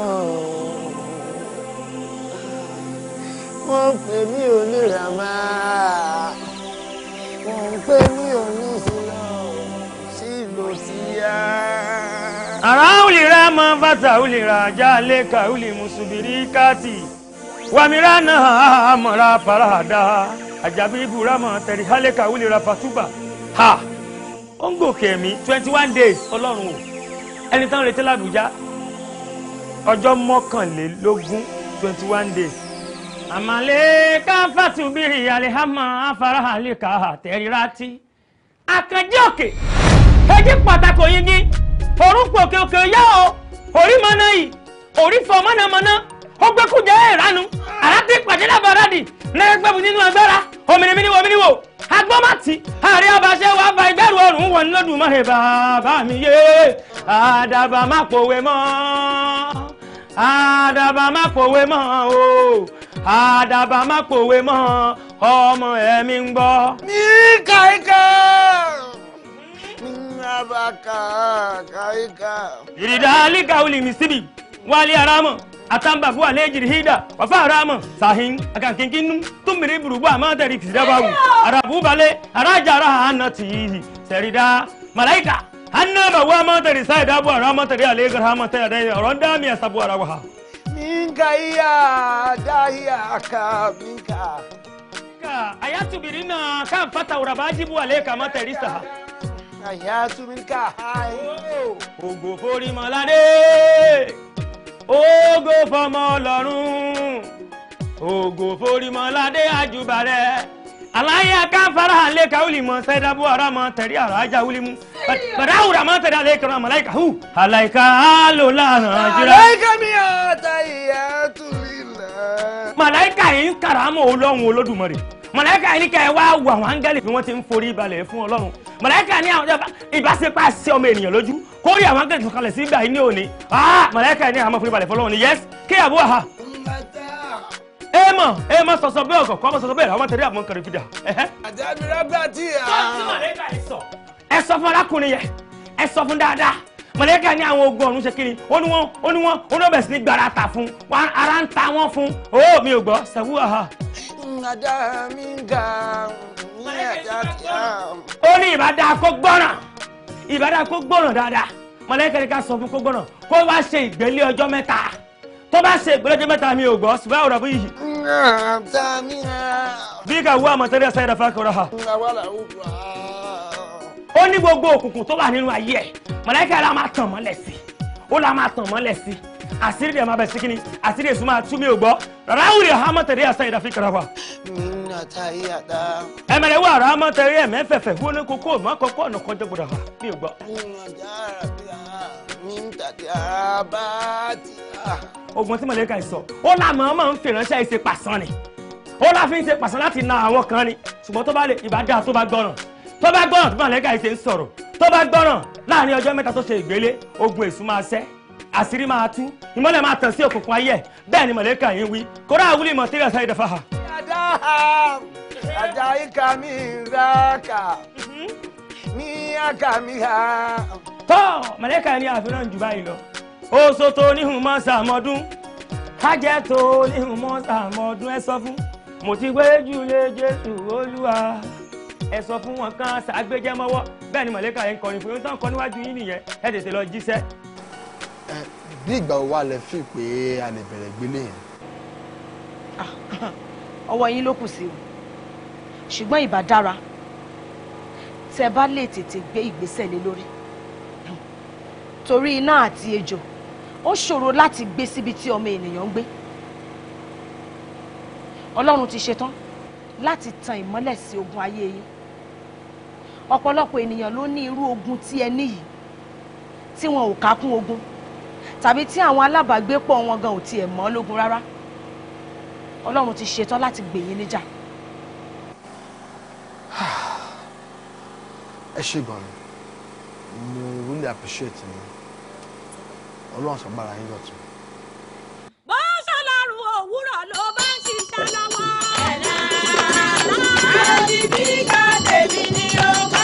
wọ́n pè mí onírànmá wọ́n pè mí oníṣìlọ sílò síyá. àrà òlìrà máa ń bàtà òlìrà ajá lẹ́ka òlì mùsùlùmí káàtì wàmírà náà àmọ̀ra farahàdá àjàbí ibùra tẹ̀rí hálẹ́ka òlìrà fàtúbà ha ó ń gòkè mí twenty one days ọlọ́run o ẹni táwọn retí làbújá ọjọ́ mọ́kànlélógún twenty one days. àmàlẹ́ káfàtú bírí alihama afárá àlíkà àtẹ̀rírátì àkànjẹ́ òkè ẹjí pàtàkì òyìnbí orúkọ òkè òkè yá o orí mọ́nà yìí orí fọ mọ́nàmọ́ná ó gbé kújẹ́ ìranu àràtí pàdé lábàrádì lẹ́gbẹ̀bù nínú agbára òmìnirí wo òmìnirí wo agbọ́mọ̀tì ààrẹ ọbaṣẹ́ wàá ba ìgbẹ́rù ọ̀rùn wọn lọ́dún mọ́rẹ̀ bàbá mi yé àdàbà má pòwe mọ́ àdàbà má pòwe mọ́ o àdàbà má pòwe mọ́ ọmọ ẹ̀mí ń gbọ́. ní kàíkà abaka kàíkà. ìrìdàálì kàwùlì mi síbi wálé arámọ̀ atamba fuwa lejiri hida wafa rama sahin akan kinkinu tumiri burubu ama dari fisidabawu arabu bale araja raha anatihi serida malaika annaba wa mata risai da buwa ramata da ale gar hamata ya ron da mi sabuwa rawa ha min ga iya dahiya aka min ka ka ayatu birina kan fata urabaji buwa le ka mata risa ha ayatu min ka hai ogo fori malade ogo fọmọ Ọlọ́run ogo fori malade ajubarẹ alaya kan faraha le ka wuli ma sai dabu ara ma tari ara aja wuli mu bara ura ma tari ale kana malaika hu alaika alola jira alaika mi atayatu lillah malaika yin karamo Ọlọ́hun Olódùmarè mọ̀lẹ́kà ní kẹ́ ẹ wá wa àwọn áńgẹ́lì bí wọ́n ti ń forí balẹ̀ fún ọlọ́run mọ̀lẹ́kà ní àwọn ìbáṣepọ̀ àṣẹ ọmọ ènìyàn lójú kórè àwọn áńgẹ́lì tó kalẹ̀ sí ibà yìí ní òní ah! mọ̀lẹ́kà ní àwọn forí balẹ̀ fún ni yẹ́sì kéyàwó àhà ẹ mọ̀ ẹ mọ̀ sọ̀sọ̀ bẹ́ẹ̀ ọ̀gọ̀ kọ́ ọmọ sọ̀sọ̀ bẹ́ẹ̀ ọmọ tẹ̀lé àwọn kẹrì fìdá. àjálù rábà tí a. tọ́jú mọ̀lẹ́kà ẹ sọ ẹ sọ fún arákùnrin yẹn ẹ sọ fún dáadáa mọ̀lẹ́kà ní àwọn ogun ọ̀run ṣe kiri ó ní wọ́n ó ní wọ́n ó ní ọ̀bẹ̀ sí ní gbàrà ta fún ara ń ta wọ́n fún ó mi ò gbọ́ sẹ́wú ọ̀hà. àdá mi ń ga ní àdá ó ní ìbádá kó gbọ́ràn ìbádá tó bá ṣe ìgbẹ́lẹ́jẹ́ mẹ́ta mi ò gbọ́ ṣùgbọ́n ọ̀rọ̀ fún yìí. bí ká wú àmọ̀tẹ́rẹ́ sáyẹ̀dá fákọ̀rọ̀ ha. ó ní gbogbo òkùnkùn tó wà nínú ayé ẹ̀ màláíkà la máa tàn mọ́lẹ̀ sí ó la máa tàn mọ́lẹ̀ sí àṣírí dẹ̀ máa bẹ̀ sí kíni àṣírí èso máa tú mi ò gbọ́ rárá wùrì àmọ̀tẹ́rẹ́ sáyẹ̀dá fákọ̀rọ̀ ha ẹmẹrẹ wà rà mọ tẹrí ẹmẹ fẹfẹ wọn ní kókó mọ ogun tí mọ̀lẹ́ka ìsọ̀ ó làmọ́ máa ń fìránṣẹ́ ìṣe pàṣán ni ó láfi ń ṣe pàṣán láti na àwọn kan ni ṣùgbọ́n tó bá lè ìbá dáa tó bá gbọ́ràn tó bá gbọ́ràn tó mọ̀lẹ́ka ìṣe ń sọ̀rọ̀ tó bá gbọ́ràn láàrin ọjọ́ mẹ́ta tó ṣe ìgbélé ogun èṣù máa ṣẹ́ àṣírí máa tú ìmọ́lẹ̀ máa tàn sí òkùnkùn ayé bẹ́ẹ̀ ni mọ̀lẹ́ka yìí wí kóró àwúlì mọ̀ tẹ́lẹ̀ sáyé dẹ́fà. ajayi ka mi ra ka mhm. mi aka mi ha. tọ́ mọ̀lẹ́ka ni àfihàn jù báyìí lọ oṣù tó níhùn mọ́ sàmọ́dún kájẹ́ tó níhùn mọ́ sàmọ́dún ẹ sọ fún mo ti gbé jùlé Jésù Olúwa ẹ sọ fún wọn kan ṣàgbéjẹ mọ́wọ́ bẹ́ẹ̀ ni mọ̀lẹ́kà yẹn ń kọrin fún yín tán kọ níwájú yín nìyẹn ẹ tètè lọ jíṣẹ́. ẹ bí ìgbà wo wà fi pé a lè bẹ̀rẹ̀ gbélé yẹn. <laughs> ọwọ́ yín ló kù sí o ṣùgbọ́n ìbá dára tẹ bá lè tètè gbé ìgbésẹ̀ lé lórí torí iná àti ejò ó ṣòro láti gbé síbi tí ọmọ ènìyàn ń gbé ọlọ́run ti ṣetán láti tan ìmọ́lẹ̀ sí ogun ayé yín ọ̀pọ̀lọpọ̀ ènìyàn ló ní irú ogun tí ẹ ní yìí tí wọn ò kákún ogun tàbí tí àwọn alábàágbépọ̀ wọn gan ò tiẹ̀ mọ́ lógun rárá ọlọ́run ti ṣetán láti gbè yín níjà. <sighs> ẹ ṣe gan-an mo really appreciate you ọlọ́run sọ̀gbára yín lọ́tún. bó ṣàlàrù òwúrọ̀ ló bá ń ṣiṣẹ́ lọ́wọ́. ẹ̀la àlọ́ àdìbí jáde mi ni ó bá.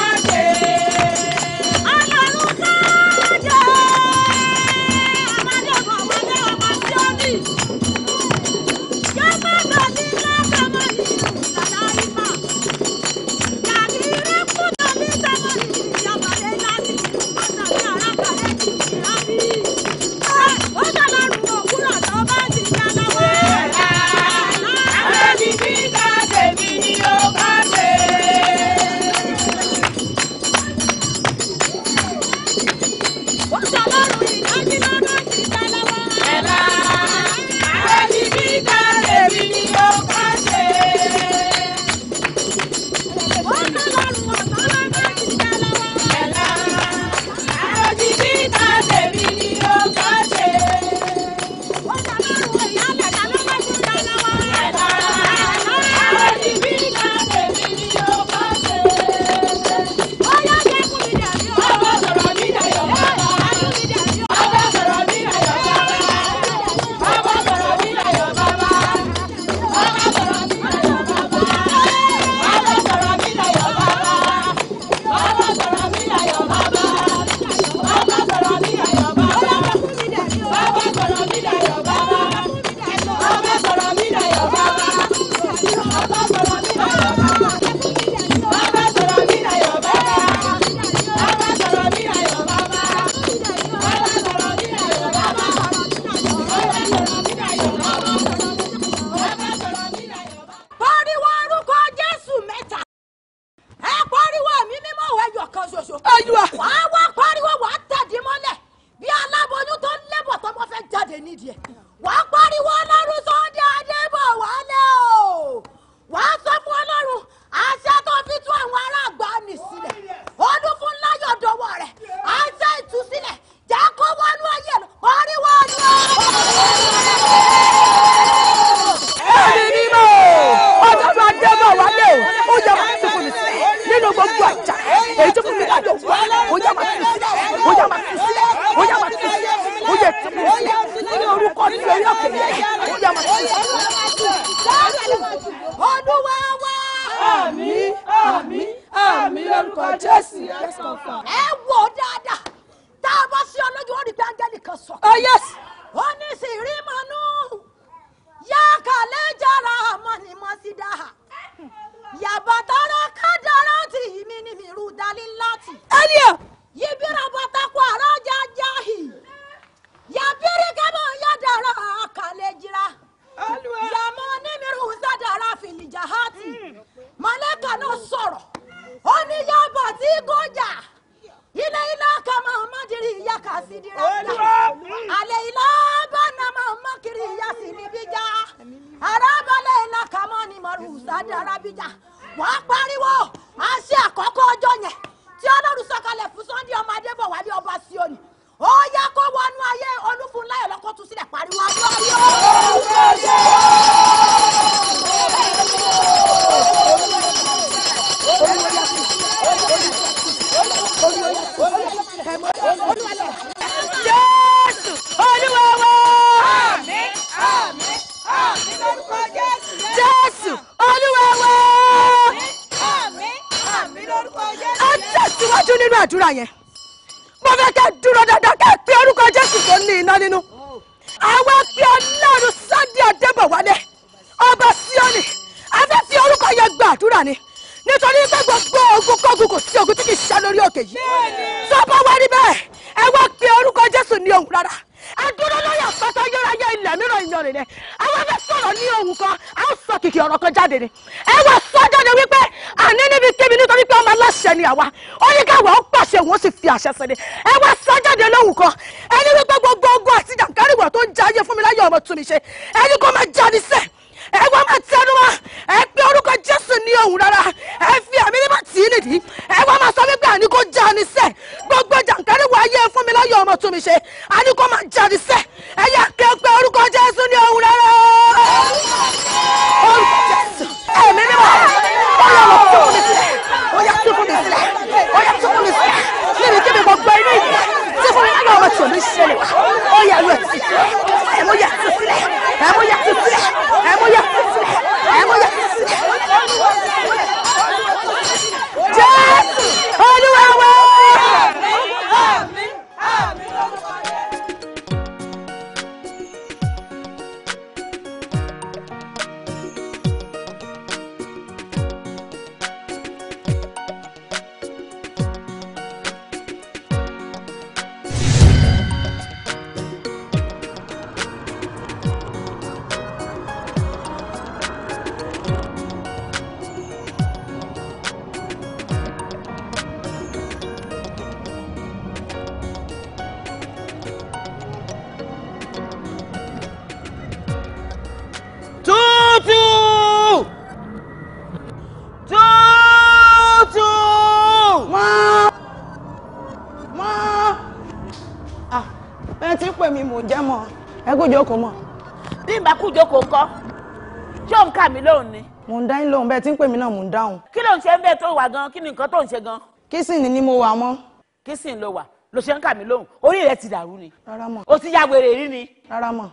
lóhùn bẹ́ẹ̀ tí ń pè mí náà mò ń dáhùn. kí ló ń ṣe ń bẹ́ẹ̀ tó wà gan kí ni nǹkan tó ń ṣe gan. kissing ni mo wà mọ́. kissing ló wà ló ṣe ń kà mí lóhùn orí rẹ ti dàrú ni. rárá mọ̀. o ti ya wèrè rí ni. rárá mọ̀.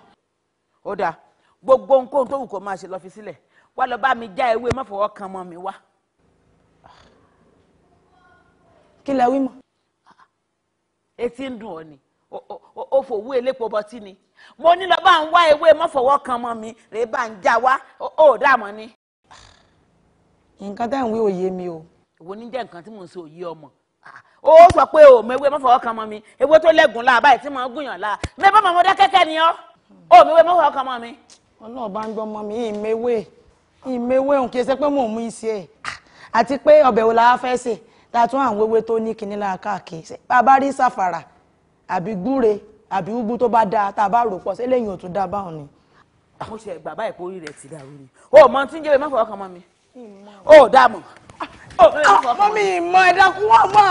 ó dáa gbogbo nǹkan tó wù kó máa ṣe lọ fi sílẹ̀ wá lọ bá mi já ewé má fọwọ́ kan mọ́ mi wá. kí lẹ wí mọ́. etí ń dùn ọ ni ó fòwú elépo bọtí ni mo ní lọ bá ń wá ewé má kan mọ́ mi rè bá ń já wá ó dààmú ni nǹkan tẹ́ ń wí òye mi o. èwo ní jẹ́ nǹkan tí mò ń sọ òye ọmọ ah, ó sọ pé o mọ ewé mọ́fọ̀ọ́ kan mọ́ mi ewé tó lẹ́gùn láà báyìí tí mò ń gùnyàn láà bẹ́ẹ̀ bá mọ̀mọ́dá kẹ́kẹ́ ni ọ́ o mọ ewé mọ́fọ̀ọ́ kan mọ́ mi. ọlọ́run bá ń gbọ́ mọ́ mi ìmẹ̀wé ìmẹ̀wé òun kì í ṣe pé mò ń mú iṣẹ́ ẹ̀ àti pé ọbẹ̀ wo la fẹ́ sè tá a tún àwọn ewé tó ní kinní lára káàkiri bá a bá rí sàfàrà àbí gbúre àbí ugu tó bá dáa tá a bá rò pọ̀ sí eléyìí ò tún dáa báwọn ni. mo ṣe bàbá ìpòrí rẹ̀ ti dàrú ni o mọ tí ń ó dààmú. Ah, ah, ah, ọmọ mi ìmọ̀ ẹ̀dá kú wọ́n mọ̀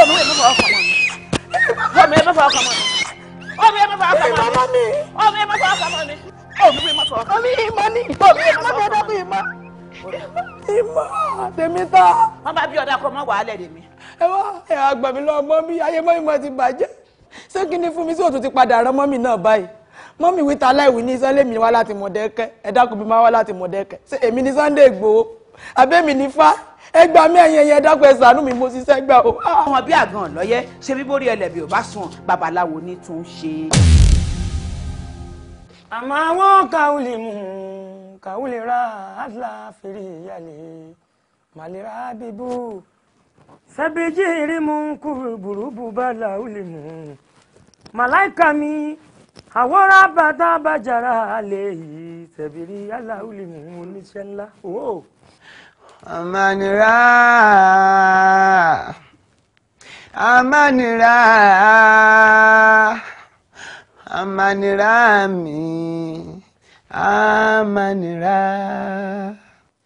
ọmọ mi ìmọ̀ ọkọ̀ mọ̀ mi ọmọ mi ìmọ̀ ọkọ̀ mọ̀ mi ọmọ mi ìmọ̀ ọkọ̀ mọ̀ mi ọmọ mi ìmọ̀ ọkọ̀ mọ̀ mi ọmọ mi ìmọ̀ ọkọ̀ mọ̀ mi ọmọ mi ìmọ̀ ọkọ̀ mọ̀ mi ìmọ̀ tèmi ta. wọ́n bá bí ọ̀dà kọ́ mọ́ wàhálẹ̀ dèmi. ẹ wá ẹ àgbà mi lọ ọmọ mi ayé mọ́ ìmọ̀ ti bàjẹ́ ṣé kí ni fún mi sí òtún ti padà rán mọ́ mi náà báyìí mọ́mí wíta aláìwí ní sunday mi wá láti mọ̀dẹ́kẹ́ ẹ dákun bí máa wá láti mọ̀dẹ́kẹ́ ṣé èmi ní sunday Igboho àbẹ́mi ní fá ẹ gbà mí ẹ̀yìn ẹ̀yìn ẹ dákun mi mo ṣiṣẹ́ gbà o. Ah, ọmọ bí àgàn lọ́yẹ́ ṣe bí bórí ẹlẹ́bi ò bá sùn babaláwo ní tún ṣe. àmọ́ àwọn kàwùlì mú kàwùlì ra àdìlà fèrè ìyàlè màlẹ́ra bíbú sẹ́bíjì rímú kúrú burúkú bá àwòrán bàtà bàjàrà lè yí tẹ̀bìrì aláwùlì mú oníṣẹ́ ńlá. àmànìrà àmànìrà àmànìrà mi àmànìrà.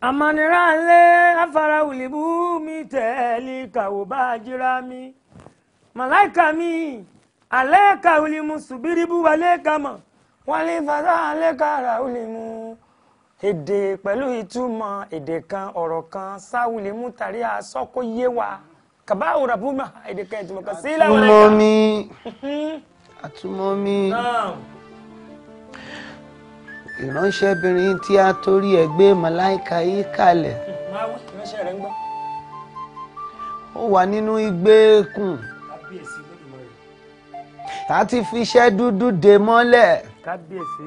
àmànìrà lé afáráwùlì bú mi tẹ̀lé kàwọ́ bá a jíra mi màláìka mi aleka ulimu subiribu aleka mọ wọn lè fara aleka ra ulimu èdè pẹ̀lú ìtumọ̀ èdè kan ọ̀rọ̀ kan sáwùlímù tàrí asọ́kó yé wa kàbá òràbùmà èdè kan ìtumọ̀ kan sí ilé wọlé kan. àtúmọ̀ mi àtúmọ̀ mi tí a torí ẹ̀ gbé màláìka yìí kalẹ̀ ó wà nínú ìgbèkùn tá ti fi iṣẹ́ dúdú dè mọ́lẹ̀. kábíyèsí.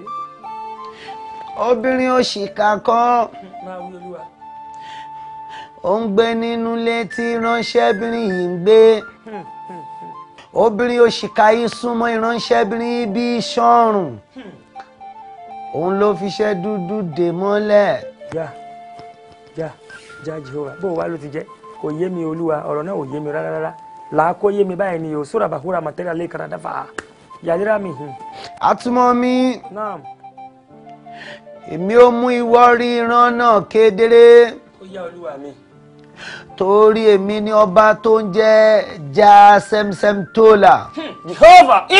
obìnrin òṣìkà kan. máa wí olúwa. ó ń gbé nínú ilé tí ránṣẹ́bìnrin yìí ń gbé. Hmm, hmm, hmm. obìnrin òṣìkà yìí súnmọ́ ìránṣẹ́bìnrin yìí bí sọ́rùn. òun ló fi iṣẹ́ dúdú dè mọ́lẹ̀. já já já jehova bó wá ló ti jẹ́ kò yé mi olúwa ọ̀rọ̀ náà ò yé mi rárá rárá làákó yé mi báyìí ni o sóra bàkúrà màtẹ́rì alẹ́ kàrà dáfà yàrá mi. àtúmọ̀ mi èmi ò mú ìwọ rí ìran náà kedere. ó yá olúwa mi. torí èmi ni ọba tó ń jẹ́ já sẹ́msẹ́m tóla. Hmm, jehova <laughs>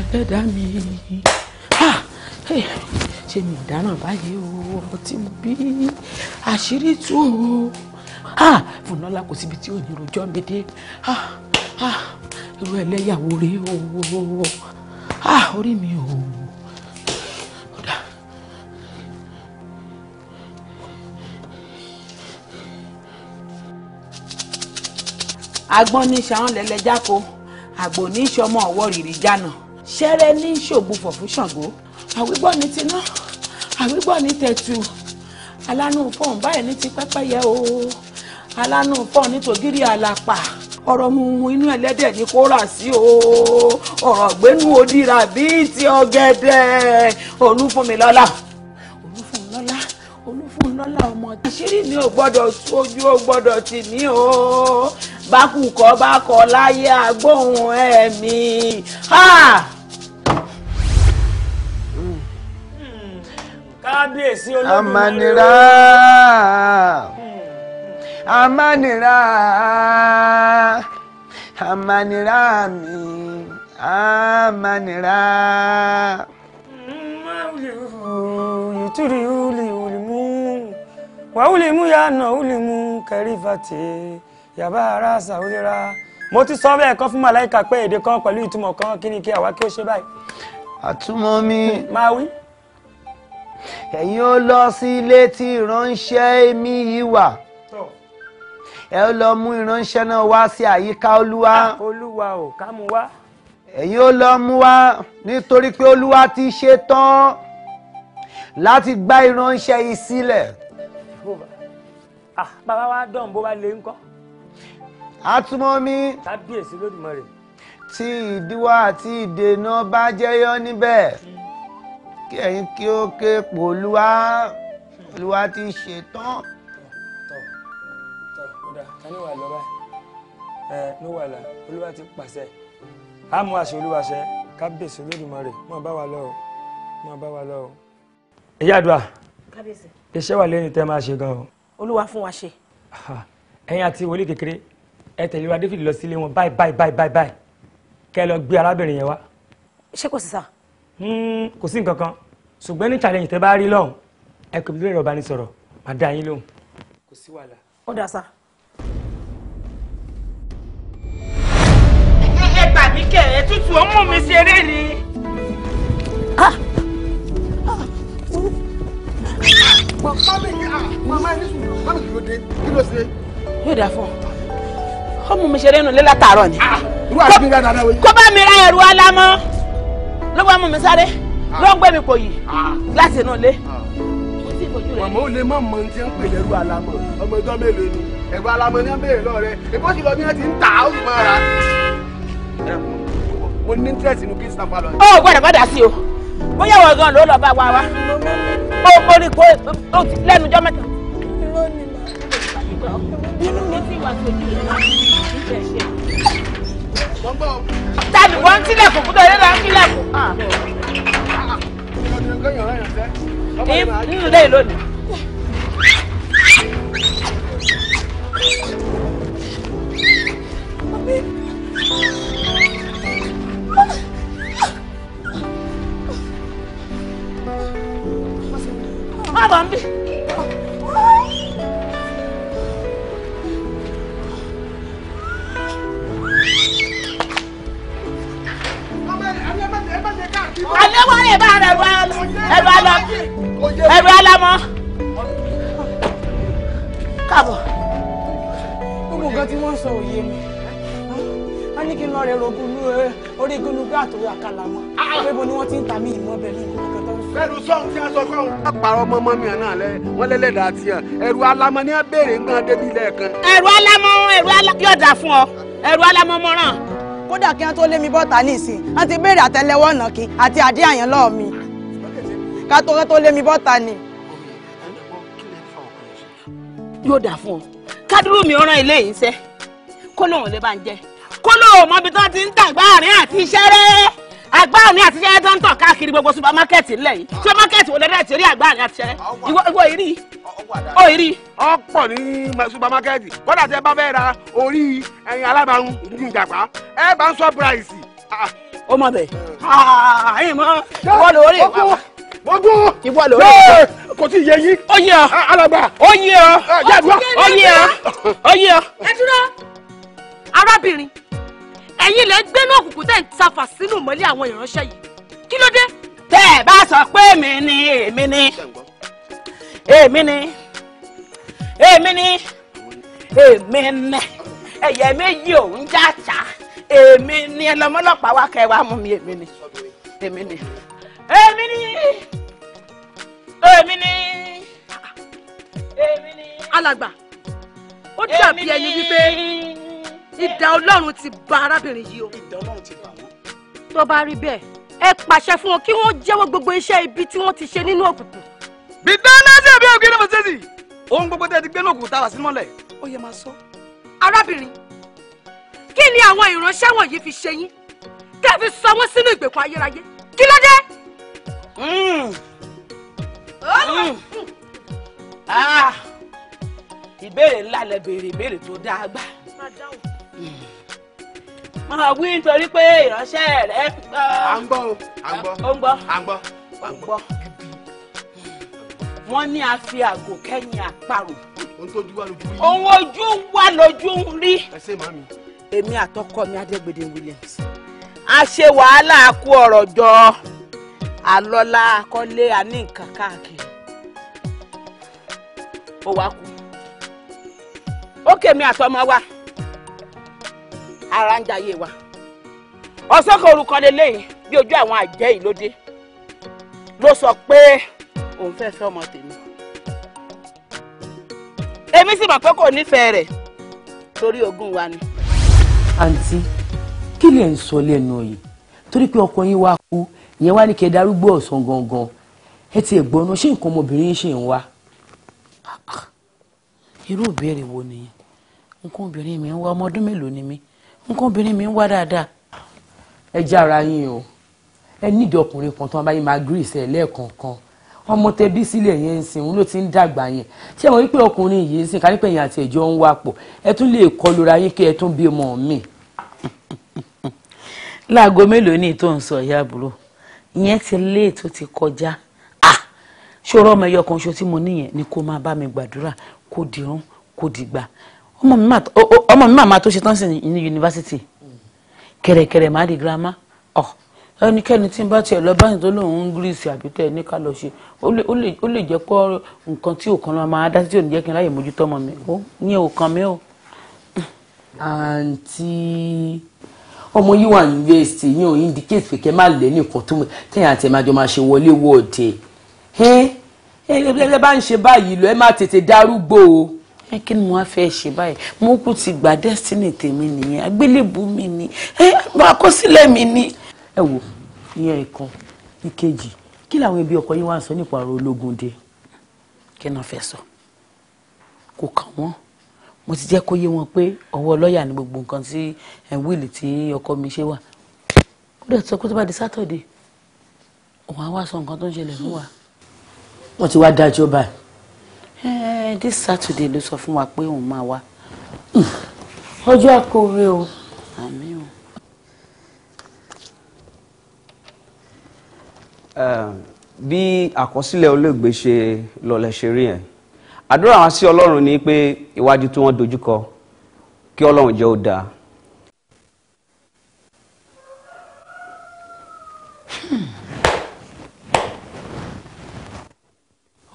ẹlẹ́dà mi ṣe mi ìdáná báyìí o ọmọ tí mo bí àṣírí tú o. Ah, fúnọ́lá kò síbi tí ò ní rojọ́ mi dé ah, ah, irú ẹlẹ́yàwó rèé o orí mi ò. agbọ́n ní sàán lẹ́lẹ́jáko àgbò ní sọmọ ọwọ́ rìrì jánà ṣẹ́rẹ́ ní ṣògbù fọ̀fú ṣàngó àwígbọ́ ní tiná àwígbọ́ ní tẹ̀tù alánú fọ̀hún báyìí ní ti pẹ́pẹ́yẹ o alánú pọ̀ nítògírí àlàpà ọ̀rọ̀ mumu inú ẹlẹ́dẹ̀ ní kó rà sí o ọ̀rọ̀ gbénú òdìrà bíi ti ọ̀gẹ̀dẹ̀ olúfúnmilọ́lá olúfúnmilọ́lá olúfúnmilọ́lá ọmọ ìṣírí mi ò gbọ́dọ̀ ojú ò gbọ́dọ̀ tì mí o bákùkọ bákọ láyé agbóhùn ẹ̀mí hmm. Hmm. kábíyèsí olódùmarè amanira amánirá amánirá mi amánirá. yìtúrí wúlì wúlì mú wà wúlì mú yá nà wúlì mú kẹrí fàtì yàbá ara sàwúlera mo ti sọ bẹ́ẹ̀ kọ́ fún màláìka pé èdè kan pẹ̀lú ìtumọ̀ kan kí ni kí àwa kí ó ṣe báyìí. àtúmọ̀ mi. máa wí ẹ̀yin ó lọ sí ilé tí ìránṣẹ́ mi yìí wà ẹ ó lọ mú ìránṣẹ́ náà wá sí àyíká olúwa. Ah, olúwa ò ká mú wá. ẹ̀yin ó lọ mú wá nítorí pé olúwa ti ṣe tán láti gba ìránṣẹ́ yìí sílẹ̀. Ah, bàbá wa dán bó bá lè ń kọ́. àtúmọ̀ mi. kábíyèsí lódìmọ̀rẹ̀. tí ìdíwọ́ àti ìdènà bá jẹyọ níbẹ̀ kí ẹ̀yin kí ó ké pò olúwa olúwa ti ṣe tán ní wà lọ́ba ẹ ní wà là olúwa ti pàṣẹ á mú àṣẹ olúwa ṣẹ kábíyèsí olódùmarè mọ̀ bá wa lọ o mọ̀ bá wa lọ o. ìyá àdúrà kábíyèsí iṣẹ́ wà lẹ́yìn tẹ́ máa ṣe gan o. olúwa fún wa ṣe. ẹ̀yin àti wòlíì kékeré ẹ tẹ̀lé wa david lọ sílé wọn báyìí báyìí báyìí báyìí kẹ́ lọ gbé arábìnrin yẹn wá. ṣé kò sí sá. Hmm, kò sí nǹkan kan ṣùgbọ́n ní challenge tẹ́ bá rí lọ́hùn ẹ kò bí lórí ọba ní sọ̀rọ̀ màá dá yín lóhùn. kò sí wàhálà. ó dà sá. mi kẹ̀ ẹ́ tútù ọmú mi ṣeré ni. yóò dà fún ọ ọmú mi ṣeré nù lé látàárọ̀ ni ah! kó bá mi ra ẹrù alámọ́ ló bá mi sáré ah! ló ń pò yìí ah! láti inú ilé màmá ò lè mọ mọ tí ń pè lẹ́rú alamọ ọmọ ẹjọ́ mélòó ni ẹ̀rọ alamọ ní abẹ́rẹ́ lọ́rẹ́ èkó sì lọ bí wọ́n ti ń tà ó sì máa ra mo ní interest inú kingston palace. ó gbọ́dọ̀ má dá sí o bóyá wọ́n gan ló lọ bá wa wá ó borí kó o ti lẹ́nu jọ́ mẹ́ta. tàbí wọ́n tilẹ̀kùn fún tọ́lẹ́ náà tilẹ̀kùn. Ah. nínú lẹ́yìn lónìí. má bọ̀ ń bì. alẹ́ wọ́n lè bá ẹ̀rọ ẹ̀rọ alọ ẹ̀rọ alamọ. káàbọ̀. gbogbo nǹkan tí wọ́n sọ òye mi a ní kí n lọ rẹ̀ rògùn eh, orí gúlúgbà àtòwé àkàlà mọ́ ah. pé ni wọ́n ti ń ta mí ìmọ̀ bẹ̀rẹ̀ lọ́wọ́ fẹ́rù sọ́hún tí a sọ fún un. àpàrọ̀ ọmọ mọ́mí ẹ̀ náà lẹ wọ́n lẹ́lẹ́dàá ti hàn ẹ̀rù alamọ ni wọ́n béèrè ń gan débi lẹ́ẹ̀kan. ẹ̀rù alamọ ẹ̀rù alamọ yóò dà fún ọ ẹ̀rù alamọ mọ́ràn. kódà kí wọ́n tó lé mi bọ́ta nísìn wọ́n ti béèrè àtẹ́lẹwọ́ ọ̀nà kí àti àdé àyàn lọ́ọ̀ mi ká tó kẹ́ tó lé mi bọ́ta ni. yóò dà fún ọ kádúrú mi ọ̀ràn ilé yìí ń sẹ́ kó lóun lè bá ń jẹ kó lóun mọ àgbáàní àti ṣẹlẹ tó ń tàn káàkiri gbogbo Supermarket. ńlẹ̀ yìí supamakẹẹti wo lẹdẹ ti rí àgbáàní àti ṣẹlẹ ìwọ ìrí ó ìrí. ọ̀pọ̀ ní supamakẹẹti kódà tẹ bá fẹ́ ra orí ẹyin alábàáhùn ìdíjàpá ẹ bá ń sọ price. Ah. ó mọ bẹ́ẹ̀ eh. ah, ẹ̀yin mọ́ wọ́n lórí ìwà gbogbo. ìwọ ló rẹ eh, kò tí ì yẹ yín. ó yẹ ọ ah, alàgbà. ó yẹ ọ eh, ó yẹ ọ <laughs> ó yẹ ọ. ẹ dúró arábìnrin ẹ̀yin lẹ ń gbénú òkùnkùn tẹ̀ ń tafà sínú mọ́lẹ̀ àwọn ìránṣẹ́ yìí kí ló dé. tẹ́ ẹ bá sọ pé èmi ni èmi ni èmi ni èmi ni èmi ni ẹ̀yẹ méjì òun jàjà èmi ni ẹlọmọlọpàá wa kẹwàá mú mi èmi ni èmi ni èmi ni èmi ni èmi ni. alàgbà ó dàbí ẹni wípé. ìdá ọlọ́run ti ba arábìnrin yìí o. ìdá ọlọ́run ti bà wọ́n. tó bá rí bẹ́ẹ̀ ẹ pàṣẹ fún wọn kí wọ́n jẹ́wọ́ gbogbo iṣẹ́ ibi tí wọ́n ti ṣe nínú òkùnkùn. bìdánná sí ẹbí ògiri mọ̀ sẹ́sì ohun gbogbo tẹ́ ti gbé náà tá a wà sí mọ́lẹ̀ ó yẹ máa sọ. arábìnrin kí ni àwọn ìránṣẹ́ wọ̀nyí fi ṣe yín tẹ́ fi sọ wọ́n sínú ìgbèkùn ayérayé kí ló dé. Hmm. Hmm. Ah. ìbéèrè ńlá lẹ béèrè ìbéèrè tó dáa gbà máa wí nítorí pé ìránṣẹ́ rẹ̀ gbọ́. à ń gbọ́ o à ń gbọ́. ó ń gbọ́. à ń gbọ́. à ń gbọ́. wọ́n ní a fi àgò kẹ́yìn àparò. ohun tójú wa lójú rí. rí. èmi àtọkọ mi adégbèdé Williams a ṣe wàhálà kú ọ̀rọ̀ jọ àlọ́lá akọ́lé àní nǹkan káàkiri ó wá kú ó kèmí àtọmọ wa. Okay, ara ń jayé wa ọsọkọ orúkọ lélẹyìn bí ojú àwọn àjẹ́ ìlódé ló sọ pé òun fẹ́ fẹ́ ọmọ tèmi èmi sì mọ̀ pé kò nífẹ̀ẹ́ rẹ̀ torí ogún wa ni. àǹtí kí lè ń sọ lẹ́nu yìí torí pé ọkọ yín wá kú ìyẹn wá ní kí ẹ darúgbó ọ̀sán gangan ẹ ti ẹ̀ ṣé nǹkan ọmọbìnrin yín ṣì ń wá. Ah, ah, irú ìbéèrè wo nìyẹn nǹkan obìnrin mi ń wá ọmọ ọdún mélòó ni mí. nǹkan obìnrin mi ń wá dáadáa. ẹ jẹ́ ara yín o ẹ nídìí ọkùnrin kan tó wọn bá yín máa gírí ìṣẹ̀ lẹ́ẹ̀kọ̀ọ̀kan ọmọ tẹbí sílẹ̀ yẹn ń sìn òun ló ti ń dàgbà yẹn tí ẹ mọ̀ wípé ọkùnrin yìí ń sìn ká nípa àti ẹ̀jọ́ ń wá pọ̀ ẹ tún lè kọlu ra yín kí ẹ tún bí ọmọ mi. <laughs> láago mélòó ni tó ń sọ ìyá àbúrò ìyẹn ti léètò ti kọjá ah! ṣòro ọmọ ẹyọ kan ṣo tí mo níyẹn ni kó máa bá mi gbàdúrà kó dirun kó dìgbà ọmọ mi màmá tó ṣe tán sí ní yunifásitì kẹ̀rẹ̀kẹ̀rẹ̀ má di girama ọ ẹnikẹ́ni tí n bá tiẹ̀ lọ báyìí tó lóun ń gírísì àbí tẹ̀ ní ká lọ ṣe ó lè jẹ́ pé nǹkan tí òkan lọ́ọ́ máa dá sí tí ò ní jẹ́ kí n láyè mójútó ọmọ mi ó ní òkan mi ó. àǹtí ọmọ yìí wà ní yunifásitì yìí ò indicate pé kẹ́ máa lẹ́ nìkan tó kẹ́yìn àti ẹ̀ máa jọ máa ṣe wọlé wọ́ọ̀dẹ̀ ẹ ẹ bá ń ṣe báyìí lọ ẹ má tètè darúgbó o ẹ kí ni mo á fẹ́ ṣe báyìí mo kú ti gba destiny tèmi nìyẹn agbélébù mi ni ẹ mo àkọsílẹ̀ mi ni. ẹ wo ìyẹn ìkan ìkejì kí làwọn ẹbí ọkọ yín wá sọ nípa ọ̀rọ̀ ológun dé. kí ni wọ́n fẹ́ sọ kò kàn wọ́n mo ti jẹ́ kó yé wọn pé ọwọ́ lọ́ọ̀yà ni gbogbo nǹkan tí wíìlì tí ọkọ mi ṣe wà ó dẹ̀ sọ pé tó bá di sátọ̀dẹ̀ òun á wá sọ nǹkan tó ń ṣẹlẹ̀ fún wa. wọ́n ti wá dájọ́ báyìí Eh, this Saturday ló sọ fún wa pé òun máa wá hmm. ọjọ́ àkórè o. àmín o. Eh, bí àkọsílẹ̀ olóògbé ṣe lọ́lẹ̀ ṣe rí yẹn àdúrà wa sí ọlọ́run ni pé ìwádìí tí wọ́n dojúkọ kí ọlọ́run jẹ́ ó dáa. Hmm.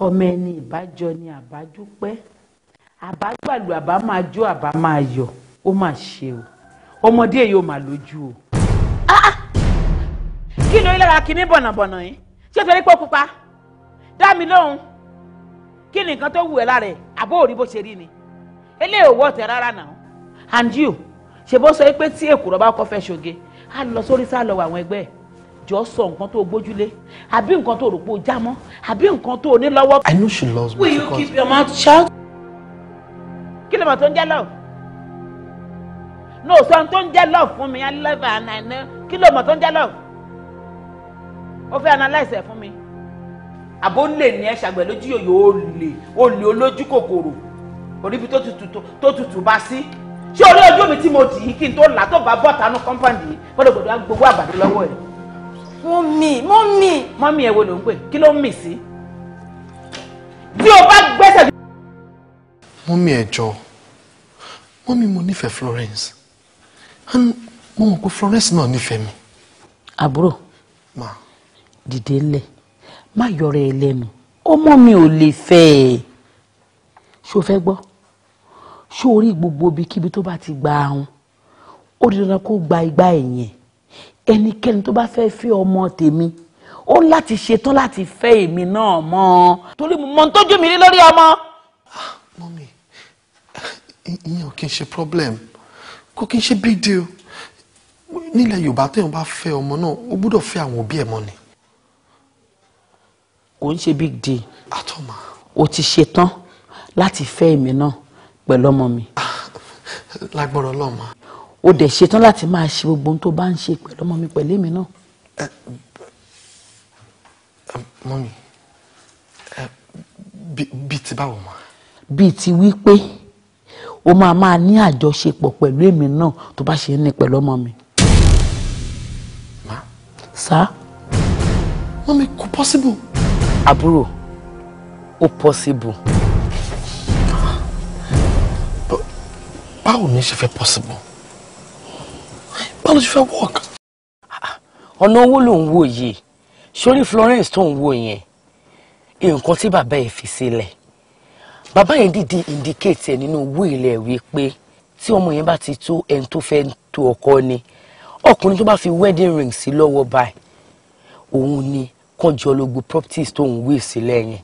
ọmọ ẹni ìbájọ ni àbájúpẹ́ àbágbàlù àbámájó àbámáyọ̀ ó mà ṣe o ọmọdé yìí ó mà lójú o. Ah, ah. kí ló ń lára kí ní bọ̀nàbọ̀nà yìí ṣé torí pé ó pupa dá mi lóhùn kí ni nǹkan tó wù ẹ́ lára ẹ̀ àbó òrí bó ṣe rí ni eléyìí ò wọ́ ọ̀tẹ̀ rárá náà and you ṣe bó sọ pé tí èkùrọ̀ bá kọ́ fẹ́ ṣoge á lọ sórí sá lọ wọ àwọn ẹgbẹ́ ẹ̀ jọ sọ nǹkan tó gbójúlé àbí nǹkan tó rò pé o já mọ́ àbí nǹkan tó ní lọ́wọ́. I know she loves me. Will you keep your mouth shut? kí ló mọ̀ tó ń jẹ́ love? no sọ tó ń jẹ́ love fún mi I love and I know kí ló mọ̀ tó ń jẹ́ love? ó fẹ́ analyse ẹ̀ fún mi. àbó lè ní ẹ ṣàgbẹ̀ lójú yòyò ó lè ó lè olójú kòkòrò oríbi tó tutù tó tutù bá sí ṣé orí ojú mi tí mo dì í kí n tó là tó bá bọ́ọ̀tà nù kọ́ńpáǹdì yìí gbọ́dọ̀ gbọ́dọ̀ á gbowó àbàdé lọ́wọ́ ẹ̀ mọ́mì mọ́mì. mọ́mì ẹ wo ló ń pè kí ló ń mì sí. tí o bá gbẹ́sẹ̀. mọ́mì ẹ jọ mọ́mì mo nífẹ̀ẹ́ Florence and mo mọ̀ pé Florence náà nífẹ̀ẹ́ mi. àbúrò dìde lẹ má yọrọ ẹ lẹ́nu ọmọ mi ò lè fẹ́ ẹ ṣó fẹ́ gbọ́ ṣó orí gbogbo ibikíbi tó bá ti gba ahun ó di dandan kó gba igbá ẹ̀yìn ẹ̀ ẹnikẹ́ni tó bá fẹ́ fẹ́ ọmọ tèmi ó láti ṣetán láti fẹ́ èmi náà mọ́ torí mo mọ ohun tójú mi rí lórí ọmọ. Ah, mọ́mí ìyẹn ò kí n ṣe problem kò kí n ṣe big deal nílẹ̀ yorùbá téèyàn bá fẹ́ ọmọ náà ó gbọ́dọ̀ fẹ́ àwọn òbí ẹ̀ mọ́ ni. kò ń ṣe big deal. àtọ́mà. o ti ṣetán láti fẹ́ èmi náà pẹ̀lú ọmọ mi. Ah, lágbọ́rọ̀ lọ́mọ o dẹ̀ ṣetán láti máa ṣe gbogbo ohun tó bá ń ṣe pẹ̀lú ọmọ mi pẹ̀lú èmi náà. mọ́mi bíi ti báwo mọ́. bíi ti wí pé o máa máa ní àjọṣepọ̀ pẹ̀lú èmi náà tó bá ṣe ń ní pẹ̀lú ọmọ mi. má. sá. mọ́mi kò possible. àbúrò ó possible. báwo ni ṣe fẹ́ possible báwo ló ṣe fẹ́ work. ọ̀nà owó ló ń wò yìí sórí Florence tó ń wò yẹn nǹkan tí bàbá yẹn fi sílẹ̀ bàbá yẹn dìde indicate ẹ̀ nínú owó ilẹ̀ wípé tí ọmọ yẹn bá ti tó ẹni tó fẹ́ tó ọkọ ni ọkùnrin tó bá fi wedding ring sí lọ́wọ́ báyìí òun ni kọjọ ológun properties tó ń wí sílẹ̀ yẹn.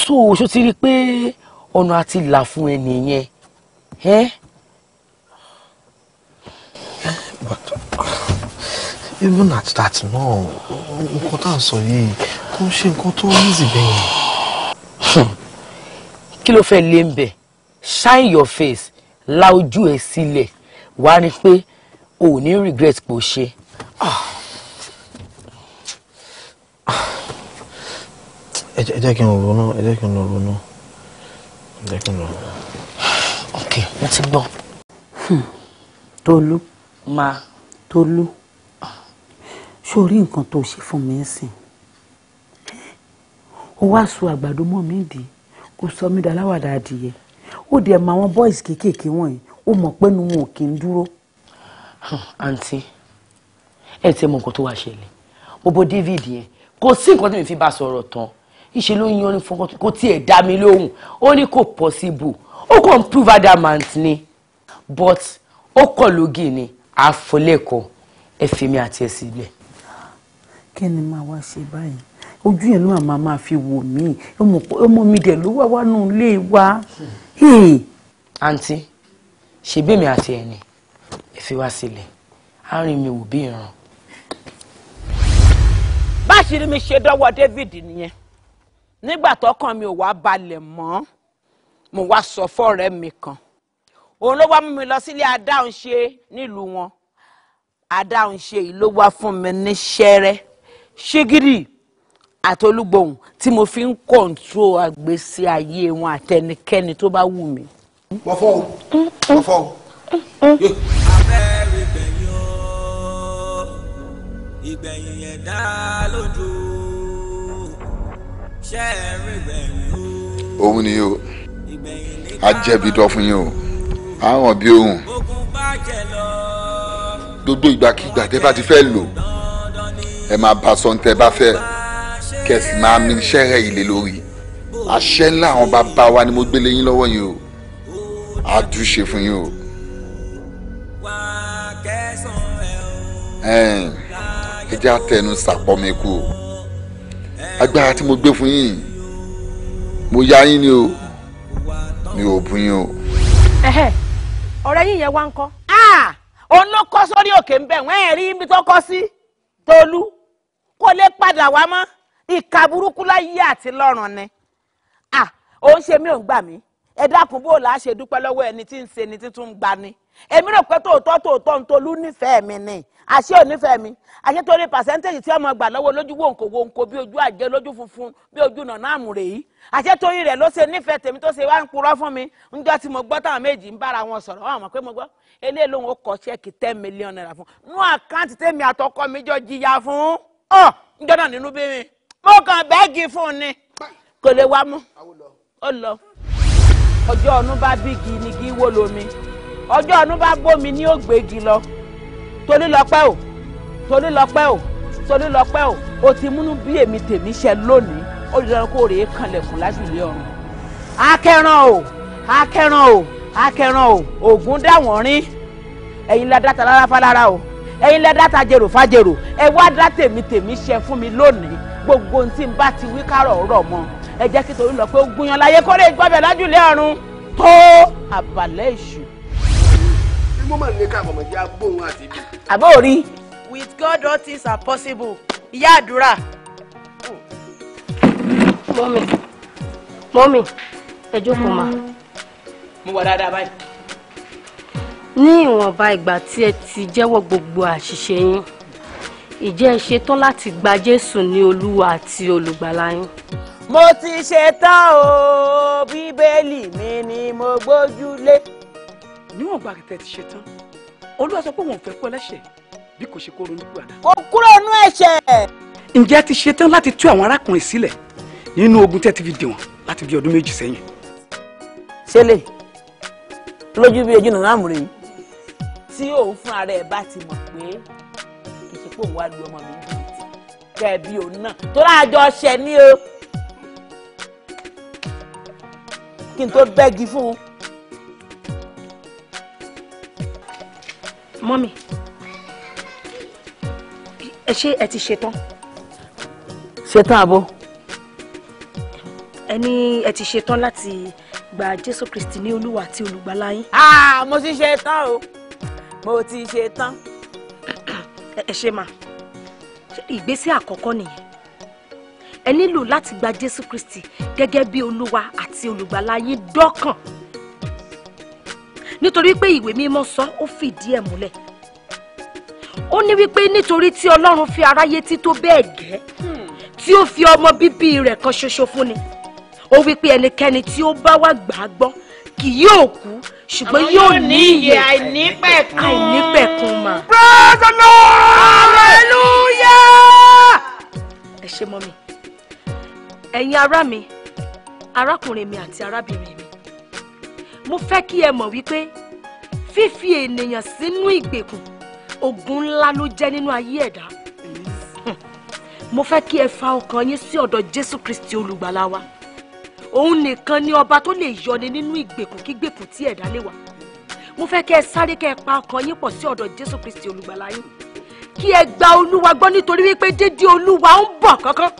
so ṣó ti rí i pé ọ̀nà àti là fún ẹ nìyẹn but even at that náà nǹkan tá à ń sọ yìí kò ń ṣe nǹkan tó easy bẹ́ẹ̀. Hmm. kí ló fẹ́ lé ń bẹ̀ shine your face la ojú ẹ̀ sílẹ̀ wá rí i pé o ò ní regret pé o ṣe. Ah. ẹ jẹ́ kí n ronú ẹ jẹ́ kí n ronú ẹ jẹ́ kí n ronú. <sighs> ok mo ti gbọ́. Hmm. Tolu ma. Tolú ṣó rí nǹkan tó ṣe fún mi sìn ó wá so àgbàdo mọ́ mi dì ó sọ mí dá láwàdà adìyẹ ó dẹ̀ mọ àwọn boys kéékèèké wọ̀nyí ó mọ̀ pé nu wọn ò kí ń dúró. àǹtí ẹ ti mọ nǹkan tó wá ṣẹlẹ̀ bobo David yẹn kò sí nǹkan tí mi fi bá sọ̀rọ̀ tán ìṣe ló ń yanrin fún ọkàn kò tiẹ̀ dá mi lóhùn ó ní kò possible ó kàn ń prove adamant ni but ó kọ̀ lógì ni àfọlẹ́kọ̀ ẹ fi mi àti ẹ sílẹ̀. kí ni màá wá ṣe báyìí ojú yẹn ló máa máa fi wò mí ọmọ mi dẹ̀ ló wá wá nù lé wa. àǹtí ṣèbí mi àti ẹ̀ ni ẹ fi wá sílẹ̀ á rìn mi wò bí ìran báṣìírí mi ṣe dọ́wọ́ David nìyẹn nígbà tọ́kàn mi ò wá balẹ̀ mọ́ mo wá sọ fọ́ọ̀rẹ́ mi kan òun ló wá mú mi lọ sílé adáhùnṣe nílùú wọn adáhùnṣe yìí ló wá fún mi ní ṣẹrẹ ṣígìrì àti olúgbòhùn tí mo fi ń kọ̀ǹtró àgbèsè ayé wọn àtẹnikẹ́ni tó bá wù mí. wọ́n fọ́ o wọ́n fọ́ o. abẹ́rẹ́ ìgbẹ̀yìn o ìgbẹ̀yìn yẹn dá lójú ṣẹ́ẹ̀rì ìgbẹ̀yìn o. òun ni o a jẹ́bi dọ́ fún yín o àwọn bí ohun gbogbo ìgbàkigbà tẹ bá ti fẹ́ lò ẹ máa bá sọ tẹ bá fẹ́ kẹsì máa mi iṣẹ́ rẹ̀ ilé lórí àṣẹ ńlá àwọn bàbá wa ni mo gbélé yín lọ́wọ́ yín o àdúṣe fún yín o. ẹ jẹ́ àtẹnu sàpọ̀mọ́ ikú o agbára tí mo gbé fún yín mo yá yín ni o mi ò bú yín o ọ̀rẹ́ yín yẹn wá ń kọ́. òun ló kọ́ sórí òkè ń bẹ̀ wọ́n ẹ̀ rí ibi tó kọ́ sí tolú kó lè padà wá mọ́ ìka burúkú láyé àti lọ́rùn ni. òun ṣe mí ò ń gbà mí ẹ dákun bó o là á ṣe dúpẹ́ lọ́wọ́ ẹni tí ń ṣe ni títún ń gbani èmi rò pé tòótọ́ tòótọ́ ń tolú nífẹ̀ẹ́ mi ni àṣé ò nífẹ̀ẹ́ mi àṣé torí pàṣẹ́ntéèjì tí ọmọ gbà lọ́wọ́ lójú wòǹkò wòǹkò bí ojú àjẹ́ lójú funfun bí ojú nànà àmùrè yìí àṣé torí rẹ̀ ló ṣe nífẹ̀ẹ́ tèmi tó ṣe wá ń purọ́ fún mi ńjọ́ tí mo gbọ́ táwọn méjì ń bára wọn sọ̀rọ̀ wọn mọ̀ pé mo gbọ́ eléyìí lòun ó kọ ṣẹ́ẹ̀kì ten million naira fún nú àkáǹtì tèmi àtọkọ mi jọ jìyà fún ọ ńjọ́ náà nínú bí mi mo kàn bẹ́ẹ̀gì fún un ni ọjọ́ ọdún bá gbómi ní ògbégi lọ torí lọ́pẹ́ o torí lọ́pẹ́ o torí lọ́pẹ́ o o ti múnú bí èmi tèmi ṣe lónìí ó lè lọ́nà rèé kanlẹ̀kùn lájúlé ọ̀run. akẹ́ràn o akẹ́ràn o akẹ́ràn o ògùn dà wọ́n rí ẹ̀yin la dáta lára fálára o ẹ̀yin la dáta jèrò fájèrò ẹ wá dá tèmi tèmi ṣe fún mi lónìí gbogbo ohun tí n bá ti wí kárọ̀ ọ̀rọ̀ mọ́ ẹ jẹ́ kí torí lọ́pẹ́ ó gúnyan láyé kó gbọ́bẹ̀ lájúlé ọ̀run tó àbàlẹ́ ìṣù mo máa ní ká àmọ̀mọ̀ agbóhun àti ibi. àbó rí. with God all things are possible ìyá àdúrà. mọ́mì mọ́mì ẹ jókòó mà. mo wà dáadáa báyìí. ní ìwọ̀nba ìgbà tí ẹ ti jẹ́wọ́ gbogbo àṣìṣe yín ìjẹ́ ẹ ṣetán láti gba Jésù ní Olúwa àti olùgbàlà yín mo ti ṣetán o bíbélì mi ni mo gbójúlé níwọ̀n gba àkẹtẹ ti ṣe tán olúwa sọ pé òun ò fẹ́ kú ẹlẹ́ṣẹ̀ bí kò ṣe kó ronú kú àdá. ó kúrò nú ẹ̀ṣẹ̀. ǹjẹ́ ti ṣe tán láti tú àwọn arákùnrin sílẹ̀ nínú ogun tẹ́ ti fi dè wọ́n láti bí ọdún méjì sẹ́yìn. ṣẹlẹ̀ lójú bí ojú nàá múre tí òun fúnra rẹ̀ bá ti mọ̀ pé kì í ṣe pé òun wá lu ọmọ mi ní ìdí kẹ́ bí òun náà tó láàjọ ṣẹ ní o kí n tó bẹ́gi fún un. mọ́mì ẹ ṣé ẹ ti ṣetán. ṣetán àbọ̀. ẹ ní ẹ ti ṣetán láti gba Jésù Kristi ní Olúwa àti olùgbàlà yín. Ah, mo ti ṣetán o mo ti ṣetán. ẹ ṣe máa ìgbésẹ̀ àkọ́kọ́ nìyẹn ẹ nílò láti gba Jésù Kristi gẹ́gẹ́ bí Olúwa àti olùgbàlà yín dọ́kàn nítorí pé ìwé mímọ́ sọ ó fìdí ẹ̀ múlẹ̀ ó ní wípé nítorí tí ọlọ́run fi aráyé tí bẹ́ẹ̀ gẹ́ tí ó fi ọmọ bíbí rẹ̀ kan ṣoṣo fún ni ó wípé ẹnikẹ́ni tí ó bá wà gbà á gbọ́ kì yóò kú ṣùgbọ́n yóò ní ìyè àìnípẹ̀kun àìnípẹ̀kun mà. praise the ẹ ṣé mọ́ mi ẹ̀yin ará mi arákùnrin mi àti arábìnrin mi mo fẹ́ kí ẹ mọ̀ wípé fífi ènìyàn sínú ìgbèkùn ogun ńlá ló jẹ́ nínú ayé ẹ̀dá mo fẹ́ kí ẹ fa ọkàn yín sí ọ̀dọ̀ Jésù Kristi olùgbàlà wa òun nìkan ni ọba tó lè yọni nínú ìgbèkùn kí gbèkùn tí ẹ̀dá lè wà mo fẹ́ kí ẹ sáré kẹ́ ẹ pa ọkàn yín pọ̀ sí ọ̀dọ̀ Jésù Kristi olùgbàlà kí ẹ gba Olúwa gbọ́ nítorí wípé dédé Olúwa ń bọ̀ kánkán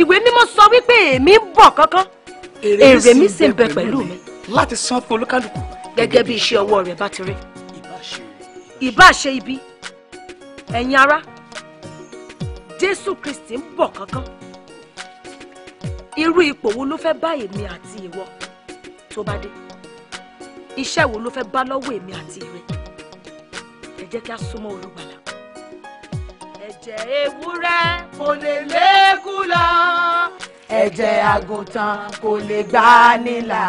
ìwé mímọ́ sọ wípé èmi ń bọ̀ kánkán èrè mi sì ń bẹ pẹ̀lú mi láti san fún olúkálùkù. gẹ́gẹ́ bí iṣẹ́ ọwọ́ rẹ̀ bá ti rí. ìbá ṣe ibi ẹ̀yin ará jésù kristi ń bọ̀ kánkán irú ipò wo ló fẹ́ bá èmi àti ìwọ tó bá dé iṣẹ́ wo ló fẹ́ bá lọ́wọ́ èmi àti ìrẹ ẹ jẹ́ kí a súnmọ́ olùgbàlà. ẹ̀jẹ̀ ewúrẹ́ kò lè lékún lọ ẹ̀jẹ̀ àgùntàn kò lè gbà nílà.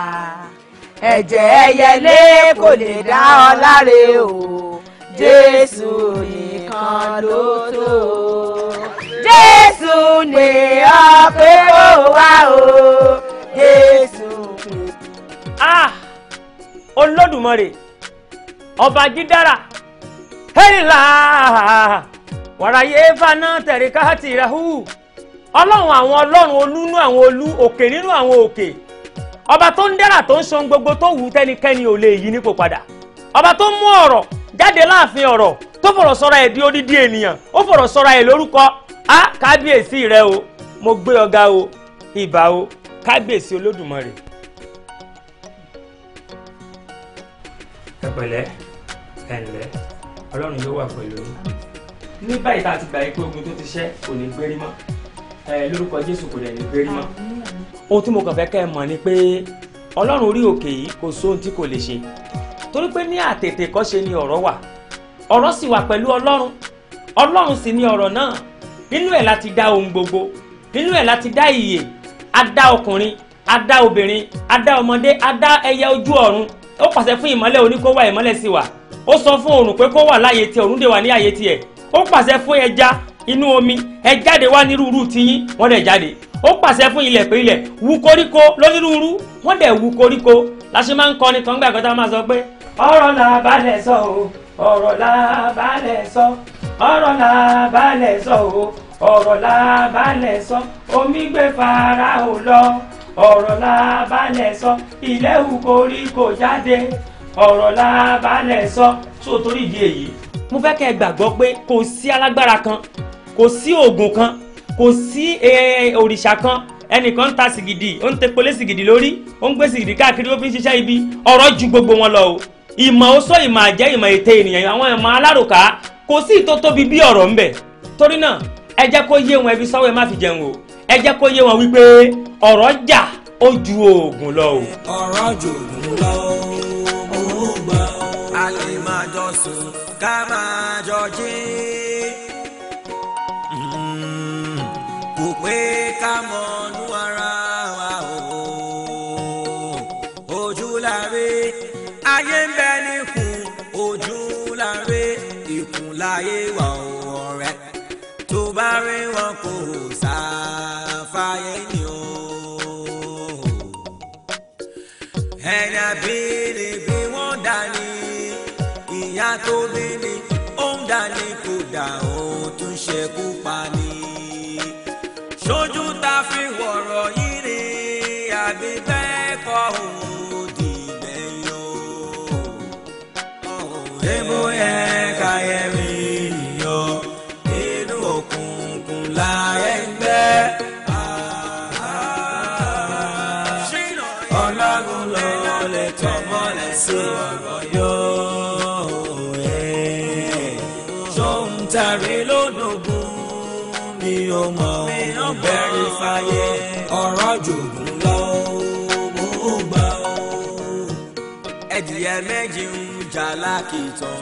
ẹ̀jẹ̀ ẹyẹlé kò lè dá ọ láre o jésù nìkan ló tó jésù ní ọ pé ó wá o jésù ah! ọba jídára hẹ́rìlá wàràyé fana tẹ̀ríkà tìrahù ọlọ́run àwọn ọlọ́run olú nínú àwọn olú òkè nínú àwọn òkè. ọba tó ń dẹ́ra tó ń ṣan gbogbo tó wù tẹ́nikẹ́ni ò lè yí nípò padà ọba tó mú ọ̀rọ̀ jáde láàfin ọ̀rọ̀ tó fọ̀rọ̀ sọ́ra ẹ̀ di odidi ènìyàn ó fọ̀rọ̀ sọ́ra ẹ̀ lórúkọ á kábíyèsí rẹ o mo gbé ọ̀gá o ìbà o kábíyèsí olódùmarè. ẹ pẹ̀lẹ́ ẹ ǹlẹ́ ọlọ́run yóò wà pẹ̀lú ní báyìí tá a ti gbà yí pé ogun tó ti ṣẹ́ kò ní gbérí mọ́ lórúkọ jésù kò dẹ̀ ní gbérí mọ́ ohun tí mo kàn fẹ́ kẹ́ ẹ mọ̀ ni pé ọlọ́run orí òkè yìí kò sóhun tí kò lè ṣe torí pé ní àtètè kọ́ṣe ni ọ̀rọ̀ wà ọ̀rọ̀ sì wà pẹ̀lú ọlọ́run ọlọ́run sì ni ọ̀rọ̀ náà nínú ẹ̀ láti dá ohun gbogbo nínú ẹ̀ láti dá ìyè a dá ọkùnrin a dá obìnrin a dá ọmọdé a dá ẹyẹ ojú ọ̀run ó pàṣẹ fún ìmọ́lẹ̀ oní kó wà ìmọ́lẹ̀ sì wà ó sọ fún oòrùn pé kó wà láàyè tiẹ̀ oòrùn dè wà ní àyè tiẹ̀ ó pàṣẹ fún ẹja inú omi ẹ jáde wá nírúurú tiyín wọ́n dẹ̀ jáde ó pàṣẹ fún ilẹ̀ pé ilẹ̀ wú koríko lónírúurú wọ́n dẹ̀ wú koríko láṣẹ máa ń kọrin kan gbàgbọ́ tá a máa sọ pé. ọ̀rọ̀ là balẹ̀ sọ o ọ̀rọ̀ là balẹ̀ sọ ọ̀rọ̀ là balẹ̀ sọ o ọ̀rọ̀ là balẹ̀ sọ omi gbé fara ò lọ ọ̀rọ̀ là balẹ̀ sọ ilẹ̀ wú koríko jáde ọ̀rọ̀ là balẹ̀ sọ sótórí ìdí èyí mo fẹ́ kẹ́ ẹ gbàgbọ́ pé kò sí alágbára kan kò sí oògùn kan kò sí òrìṣà kan ẹnìkan ń ta sìgìdì ó ń tepolé sìgìdì lórí ó ń gbé sìgìdì káàkiri ó fi ń ṣiṣẹ́ ibi ọ̀rọ̀ ju gbogbo wọn lọ o ìmọ̀ ó sọ ìmọ̀ àjẹ́ ìmọ̀ ète ènìyàn àwọn ìmọ̀ alárùká kò sí ìtó tóbi bí ọ̀rọ̀ ń bẹ̀ torí náà ẹ jẹ́ kó yé wọn ẹbí sọ́wọ́ ẹ má fi jẹun o ẹ jẹ́ kó yé wọn wípé ọ̀rọ̀ jà ó ju oògùn lọ o. ọ̀rọ̀ ju oògùn lọ owó gbà kò pé ká mọ̀nú ara wa o ojúláre ayé ń bẹ níkùn ojúláre ìkùn láyé wà o ọ̀rẹ́ tó bá rí wọn kò sáfàyè ni o ẹni àbínibí wọn dání ìyá tó bí ni ó ń dání kódà ó tún ṣekú pa ni. fi wọ̀rọ̀. láyé ọ̀rọ̀ jòdùn lọ ó gbà ó. ẹdìyẹ méjì ń jà lákìtàn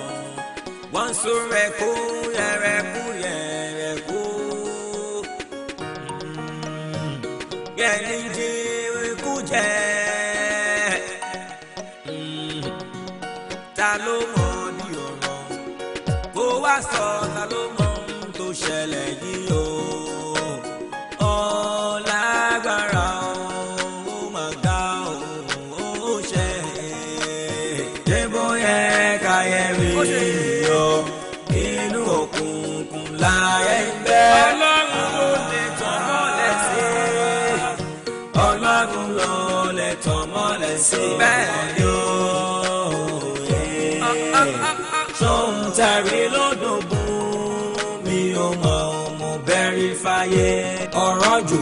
wọ́n sún rẹ̀ kó yẹrẹ kú yẹrẹ kú. Hmm, yẹ́nì bẹ́ẹ̀. sóhun tàrí lódògún mi ò mọ̀ ọ́n mo bẹ́rí fáyé ọ̀rọ̀ jù.